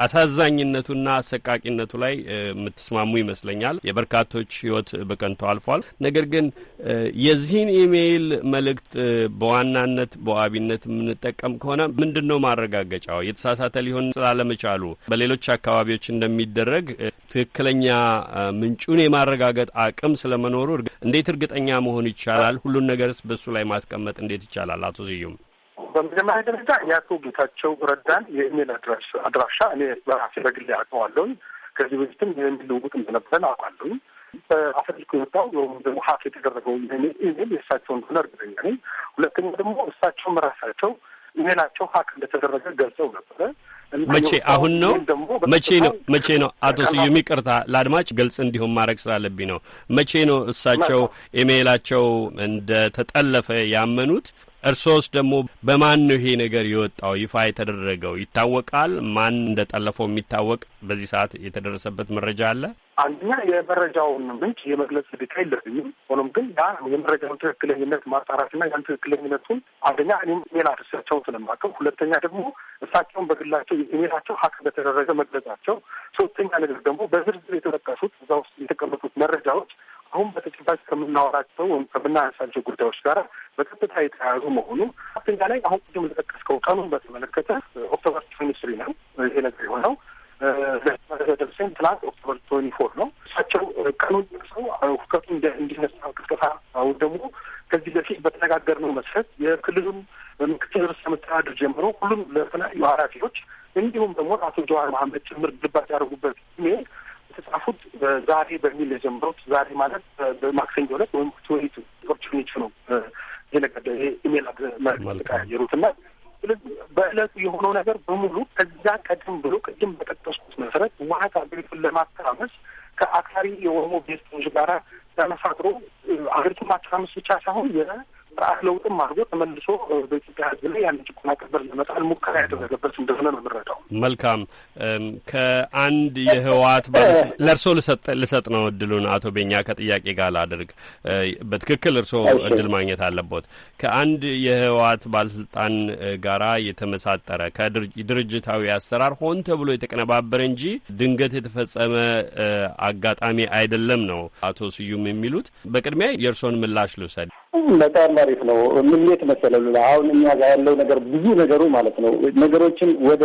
አሳዛኝነቱና አሰቃቂነቱ ላይ የምትስማሙ ይመስለኛል። የበርካቶች ህይወት በከንቱ አልፏል። ነገር ግን የዚህን ኢሜይል መልእክት በዋናነት በዋቢነት የምንጠ የሚጠቀም ከሆነ ምንድን ነው ማረጋገጫው? የተሳሳተ ሊሆን ስላለመቻሉ በሌሎች አካባቢዎች እንደሚደረግ ትክክለኛ ምንጩን የማረጋገጥ አቅም ስለመኖሩ እንዴት እርግጠኛ መሆን ይቻላል? ሁሉን ነገርስ በሱ ላይ ማስቀመጥ እንዴት ይቻላል? አቶ ስዩም በመጀመሪያ ደረጃ የአቶ ጌታቸው ረዳን የኢሜል አድራሻ አድራሻ እኔ በራሴ በግሌ አውቀዋለሁኝ። ከዚህ በፊትም የኢሜል ልውውጥ እንደነበረን አውቃለሁኝ። በአፈድልክ የወጣው ወይም ደግሞ ሀፍ የተደረገው ኢሜል የእሳቸው እንደሆነ እርግጠኛ ነኝ። ሁለተኛ ደግሞ እሳቸውም ራሳቸው ኢሜላቸው ሀክ እንደተደረገ ገልጸው ነበረ። መቼ አሁን ነው? መቼ ነው? መቼ ነው? አቶ ስዩም ይቅርታ፣ ለአድማጭ ግልጽ እንዲሁም ማድረግ ስላለብኝ ነው። መቼ ነው እሳቸው ኢሜይላቸው እንደ ተጠለፈ ያመኑት? እርሶስ ደግሞ በማን ነው ይሄ ነገር የወጣው ይፋ የተደረገው? ይታወቃል? ማን እንደ ጠለፈው የሚታወቅ በዚህ ሰዓት የተደረሰበት መረጃ አለ? አንደኛ የመረጃውን ምንጭ የመግለጽ ግዴታ የለብኝም። ሆኖም ግን ያ የመረጃውን ትክክለኝነት ማጣራትና ያን ትክክለኝነቱን አንደኛ እኔም ኢሜል አድርሳቸውን ስለማውቀው፣ ሁለተኛ ደግሞ እሳቸውን በግላቸው ኢሜላቸው ሀክ በተደረገ መግለጫቸው፣ ሶስተኛ ነገር ደግሞ በዝርዝር የተጠቀሱት እዛ ውስጥ የተቀመጡት መረጃዎች አሁን በተጨባጭ ከምናወራቸው ወይም ከምናነሳቸው ጉዳዮች ጋር በቀጥታ የተያያዙ መሆኑ፣ አራተኛ ላይ አሁን ቅድም ለጠቀስከው ቀኑን በተመለከተ ኦክቶበር ሚኒስትሪ ነው ይሄ ነገር የሆነው ደርሰን ትናንት ኦክቶበር ቶኒ ፎር ነው። እሳቸው ቀኑን ሰው ሁከቱ እንዲነሳ ቅስቀሳ አሁን ደግሞ ከዚህ በፊት በተነጋገርነው መሰረት የክልሉም ምክትል ርዕሰ መስተዳድር ጀምሮ ሁሉም ለተለያዩ ኃላፊዎች እንዲሁም ደግሞ አቶ ጀዋር መሀመድ ጭምር ግባት ያደርጉበት ሜል የተጻፉት ዛሬ በሚል የጀመሩት ዛሬ ማለት በማክሰኞ ዕለት ወይም ኦፖርቹኒቲ ነው። ይሄ ነገር ኢሜል መልክ ተቀያየሩት እና ስለዚህ በእለቱ የሆነው ነገር በሙሉ ከዛ ቀደም ብሎ ቅድም በጠቀስኩት መሰረት ውሀት አገሪቱን ለማተራመስ ከአክራሪ የኦሮሞ ብሄርተኞች ጋራ ተመሳክሮ አገሪቱን ማተራመስ ብቻ ሳይሆን ስርዓት ለውጥም አድርጎ ተመልሶ በኢትዮጵያ ሕዝብ ላይ ያንን ጭቆና ቀበር ለመጣል ሙከራ ያደረገበት እንደሆነ ነው የምረዳው። መልካም ከአንድ የህወሓት ለእርሶ ልሰጥ ነው እድሉን አቶ ቤኛ ከጥያቄ ጋር ላድርግ። በትክክል እርሶ እድል ማግኘት አለቦት። ከአንድ የህወሓት ባለስልጣን ጋራ የተመሳጠረ ከድርጅታዊ አሰራር ሆን ተብሎ የተቀነባበረ እንጂ ድንገት የተፈጸመ አጋጣሚ አይደለም ነው አቶ ስዩም የሚሉት። በቅድሚያ የእርሶን ምላሽ ልውሰድ። በጣም አሪፍ ነው። ምንት መሰለሉ አሁን እኛ ጋር ያለው ነገር ብዙ ነገሩ ማለት ነው ነገሮችን ወደ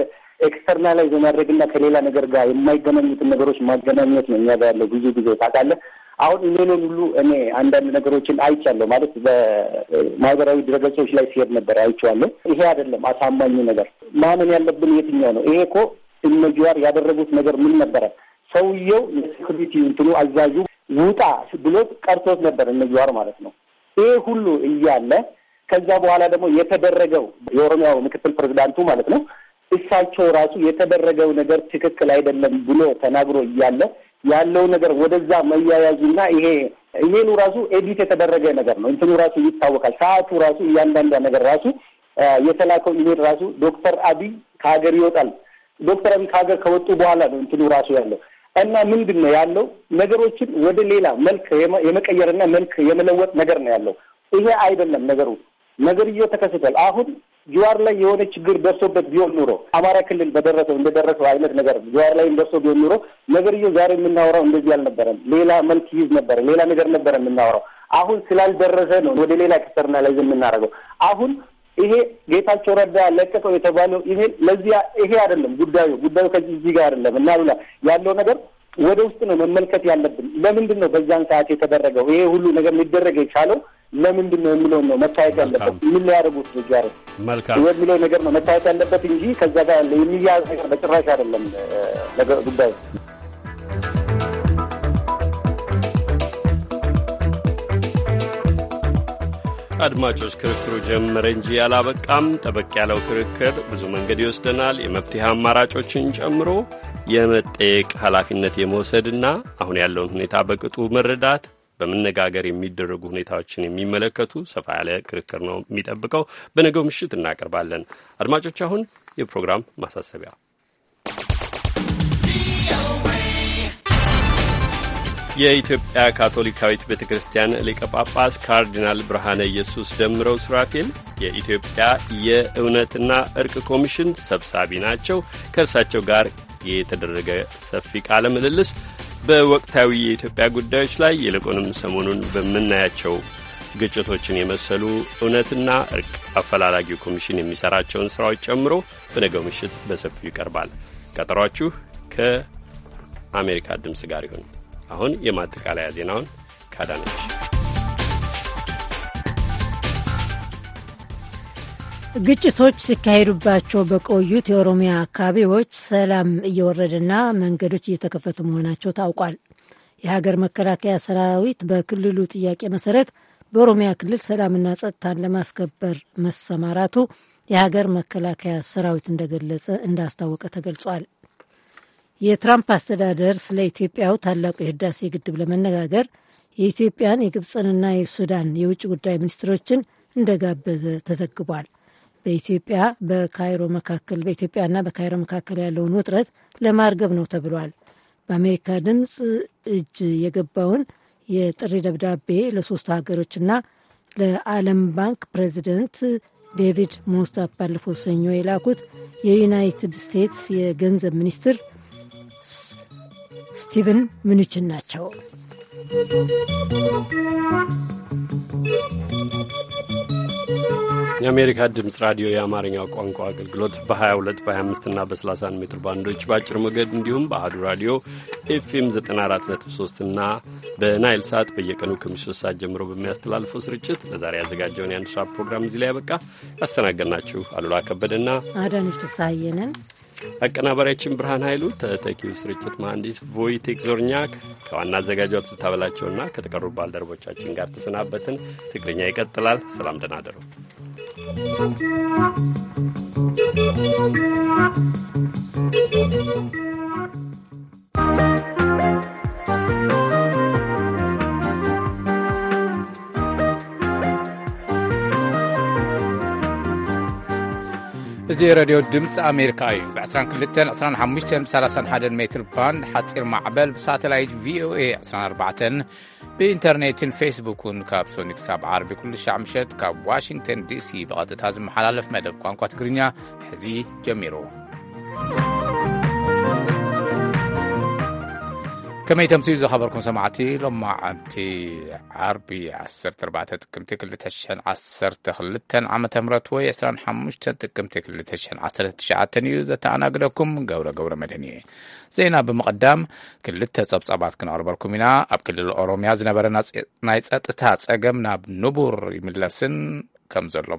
ኤክስተርናላይዝ የማድረግና ከሌላ ነገር ጋር የማይገናኙትን ነገሮች ማገናኘት ነው እኛ ጋር ያለው ብዙ ጊዜ ታውቃለህ። አሁን ኢሜልን ሁሉ እኔ አንዳንድ ነገሮችን አይቻለሁ ማለት በማህበራዊ ድረገጾች ላይ ሲሄድ ነበር አይቼዋለሁ። ይሄ አይደለም አሳማኙ ነገር። ማመን ያለብን የትኛው ነው? ይሄ እኮ እነጅዋር ያደረጉት ነገር ምን ነበረ? ሰውየው የሴኩሪቲ እንትኑ አዛዡ ውጣ ብሎት ቀርቶት ነበር እነጅዋር ማለት ነው ይህ ሁሉ እያለ ከዛ በኋላ ደግሞ የተደረገው የኦሮሚያው ምክትል ፕሬዚዳንቱ ማለት ነው እሳቸው ራሱ የተደረገው ነገር ትክክል አይደለም ብሎ ተናግሮ እያለ ያለው ነገር ወደዛ መያያዙና ይሄ ይሄኑ ራሱ ኤዲት የተደረገ ነገር ነው። እንትኑ ራሱ ይታወቃል። ሰዓቱ ራሱ እያንዳንዷ ነገር ራሱ የተላከው ኢሜል ራሱ ዶክተር አብይ ከሀገር ይወጣል። ዶክተር አብይ ከሀገር ከወጡ በኋላ ነው እንትኑ ራሱ ያለው እና ምንድን ነው ያለው ነገሮችን ወደ ሌላ መልክ የመቀየርና መልክ የመለወጥ ነገር ነው ያለው። ይሄ አይደለም ነገሩ። ነገርዮ ተከስቷል። አሁን ጅዋር ላይ የሆነ ችግር ደርሶበት ቢሆን ኑሮ አማራ ክልል በደረሰው እንደደረሰው አይነት ነገር ጅዋር ላይ ደርሶ ቢሆን ኑሮ ነገርዮ ዛሬ የምናወራው እንደዚህ አልነበረም። ሌላ መልክ ይዝ ነበረ፣ ሌላ ነገር ነበረ የምናወራው። አሁን ስላልደረሰ ነው ወደ ሌላ ኤክስተርናላይዝ የምናደርገው። አሁን ይሄ ጌታቸው ረዳ ለቀቀው የተባለው ይሄ ለዚያ ይሄ አይደለም ጉዳዩ ጉዳዩ ከዚህ ጋር አይደለም እና ብላ ያለው ነገር ወደ ውስጥ ነው መመልከት ያለብን። ለምንድን ነው በዛን ሰዓት የተደረገው ይሄ ሁሉ ነገር ሊደረግ የቻለው ለምንድን ነው የሚለውን ነው መታየት ያለበት። ምን ሊያደርጉት ልጃር የሚለው ነገር ነው መታየት ያለበት እንጂ ከዛ ጋር የሚያያዝ ነገር በጭራሽ አይደለም ጉዳዩ። አድማጮች ክርክሩ ጀመረ እንጂ ያላበቃም። ጠበቅ ያለው ክርክር ብዙ መንገድ ይወስደናል። የመፍትሄ አማራጮችን ጨምሮ የመጠየቅ ኃላፊነት የመውሰድና አሁን ያለውን ሁኔታ በቅጡ መረዳት በመነጋገር የሚደረጉ ሁኔታዎችን የሚመለከቱ ሰፋ ያለ ክርክር ነው የሚጠብቀው። በነገው ምሽት እናቀርባለን። አድማጮች አሁን የፕሮግራም ማሳሰቢያ የኢትዮጵያ ካቶሊካዊት ቤተ ክርስቲያን ሊቀ ጳጳስ ካርዲናል ብርሃነ ኢየሱስ ደምረው ሱራፌል የኢትዮጵያ የእውነትና እርቅ ኮሚሽን ሰብሳቢ ናቸው። ከእርሳቸው ጋር የተደረገ ሰፊ ቃለ ምልልስ በወቅታዊ የኢትዮጵያ ጉዳዮች ላይ ይልቁንም ሰሞኑን በምናያቸው ግጭቶችን የመሰሉ እውነትና እርቅ አፈላላጊ ኮሚሽን የሚሰራቸውን ስራዎች ጨምሮ በነገው ምሽት በሰፊው ይቀርባል። ቀጠሯችሁ ከአሜሪካ ድምፅ ጋር ይሁን። አሁን የማጠቃለያ ዜናውን ካዳነች ግጭቶች ሲካሄዱባቸው በቆዩት የኦሮሚያ አካባቢዎች ሰላም እየወረደና መንገዶች እየተከፈቱ መሆናቸው ታውቋል። የሀገር መከላከያ ሰራዊት በክልሉ ጥያቄ መሰረት በኦሮሚያ ክልል ሰላምና ጸጥታን ለማስከበር መሰማራቱ የሀገር መከላከያ ሰራዊት እንደገለጸ እንዳስታወቀ ተገልጿል። የትራምፕ አስተዳደር ስለ ኢትዮጵያው ታላቁ የህዳሴ ግድብ ለመነጋገር የኢትዮጵያን የግብፅንና የሱዳን የውጭ ጉዳይ ሚኒስትሮችን እንደጋበዘ ተዘግቧል። በኢትዮጵያ በካይሮ መካከል በኢትዮጵያና በካይሮ መካከል ያለውን ውጥረት ለማርገብ ነው ተብሏል። በአሜሪካ ድምፅ እጅ የገባውን የጥሪ ደብዳቤ ለሶስቱ ሀገሮችና ለዓለም ባንክ ፕሬዚደንት ዴቪድ ሞስታፕ ባለፈው ሰኞ የላኩት የዩናይትድ ስቴትስ የገንዘብ ሚኒስትር ስቲቨን ምንችን ናቸው። የአሜሪካ ድምፅ ራዲዮ የአማርኛው ቋንቋ አገልግሎት በ22 በ25 እና በ31 ሜትር ባንዶች በአጭር ሞገድ እንዲሁም በአህዱ ራዲዮ ኤፍኤም 94.3 እና በናይል ሳት በየቀኑ ከምሽቱ ሶስት ሰዓት ጀምሮ በሚያስተላልፈው ስርጭት ለዛሬ ያዘጋጀውን የአንድ ሰዓት ፕሮግራም እዚህ ላይ ያበቃ። ያስተናገድናችሁ አሉላ ከበደና አዳነች ፍስሐዬ ነን። አቀናባሪያችን ብርሃን ኃይሉ፣ ተተኪው ስርጭት መሐንዲስ ቮይቴክ ዞርኛክ፣ ከዋና አዘጋጇ ትዝታ በላቸውና ከተቀሩ ባልደረቦቻችን ጋር ተሰናበትን። ትግርኛ ይቀጥላል። ሰላም Thank you. እዚ ረድዮ ድምፂ ኣሜሪካ እዩ ብ222531 ሜትር ባንድ ሓፂር ማዕበል ብሳተላይት ቪኦኤ 24 ብኢንተርኔትን ፌስቡክን ካብ ሶኒ ክሳብ ዓርቢ 2ሻዕ ካብ ዋሽንግተን ዲሲ ብቐጥታ ዝመሓላለፍ መደብ ቋንቋ ትግርኛ ሕዚ ጀሚሩ ከመይ ተምሲኡ ዝኸበርኩም ሰማዕቲ ሎማዓንቲ ዓርቢ 14 ጥቅምቲ 212 ዓ ም ወይ 25 ጥቅምቲ 219 እዩ ዘተኣናግደኩም ገብረ ገብረ መድህን እየ ዜና ብምቕዳም ክልተ ጸብጻባት ክነቕርበልኩም ኢና ኣብ ክልል ኦሮምያ ዝነበረ ናይ ጸጥታ ጸገም ናብ ንቡር ይምለስን ከም ዘሎ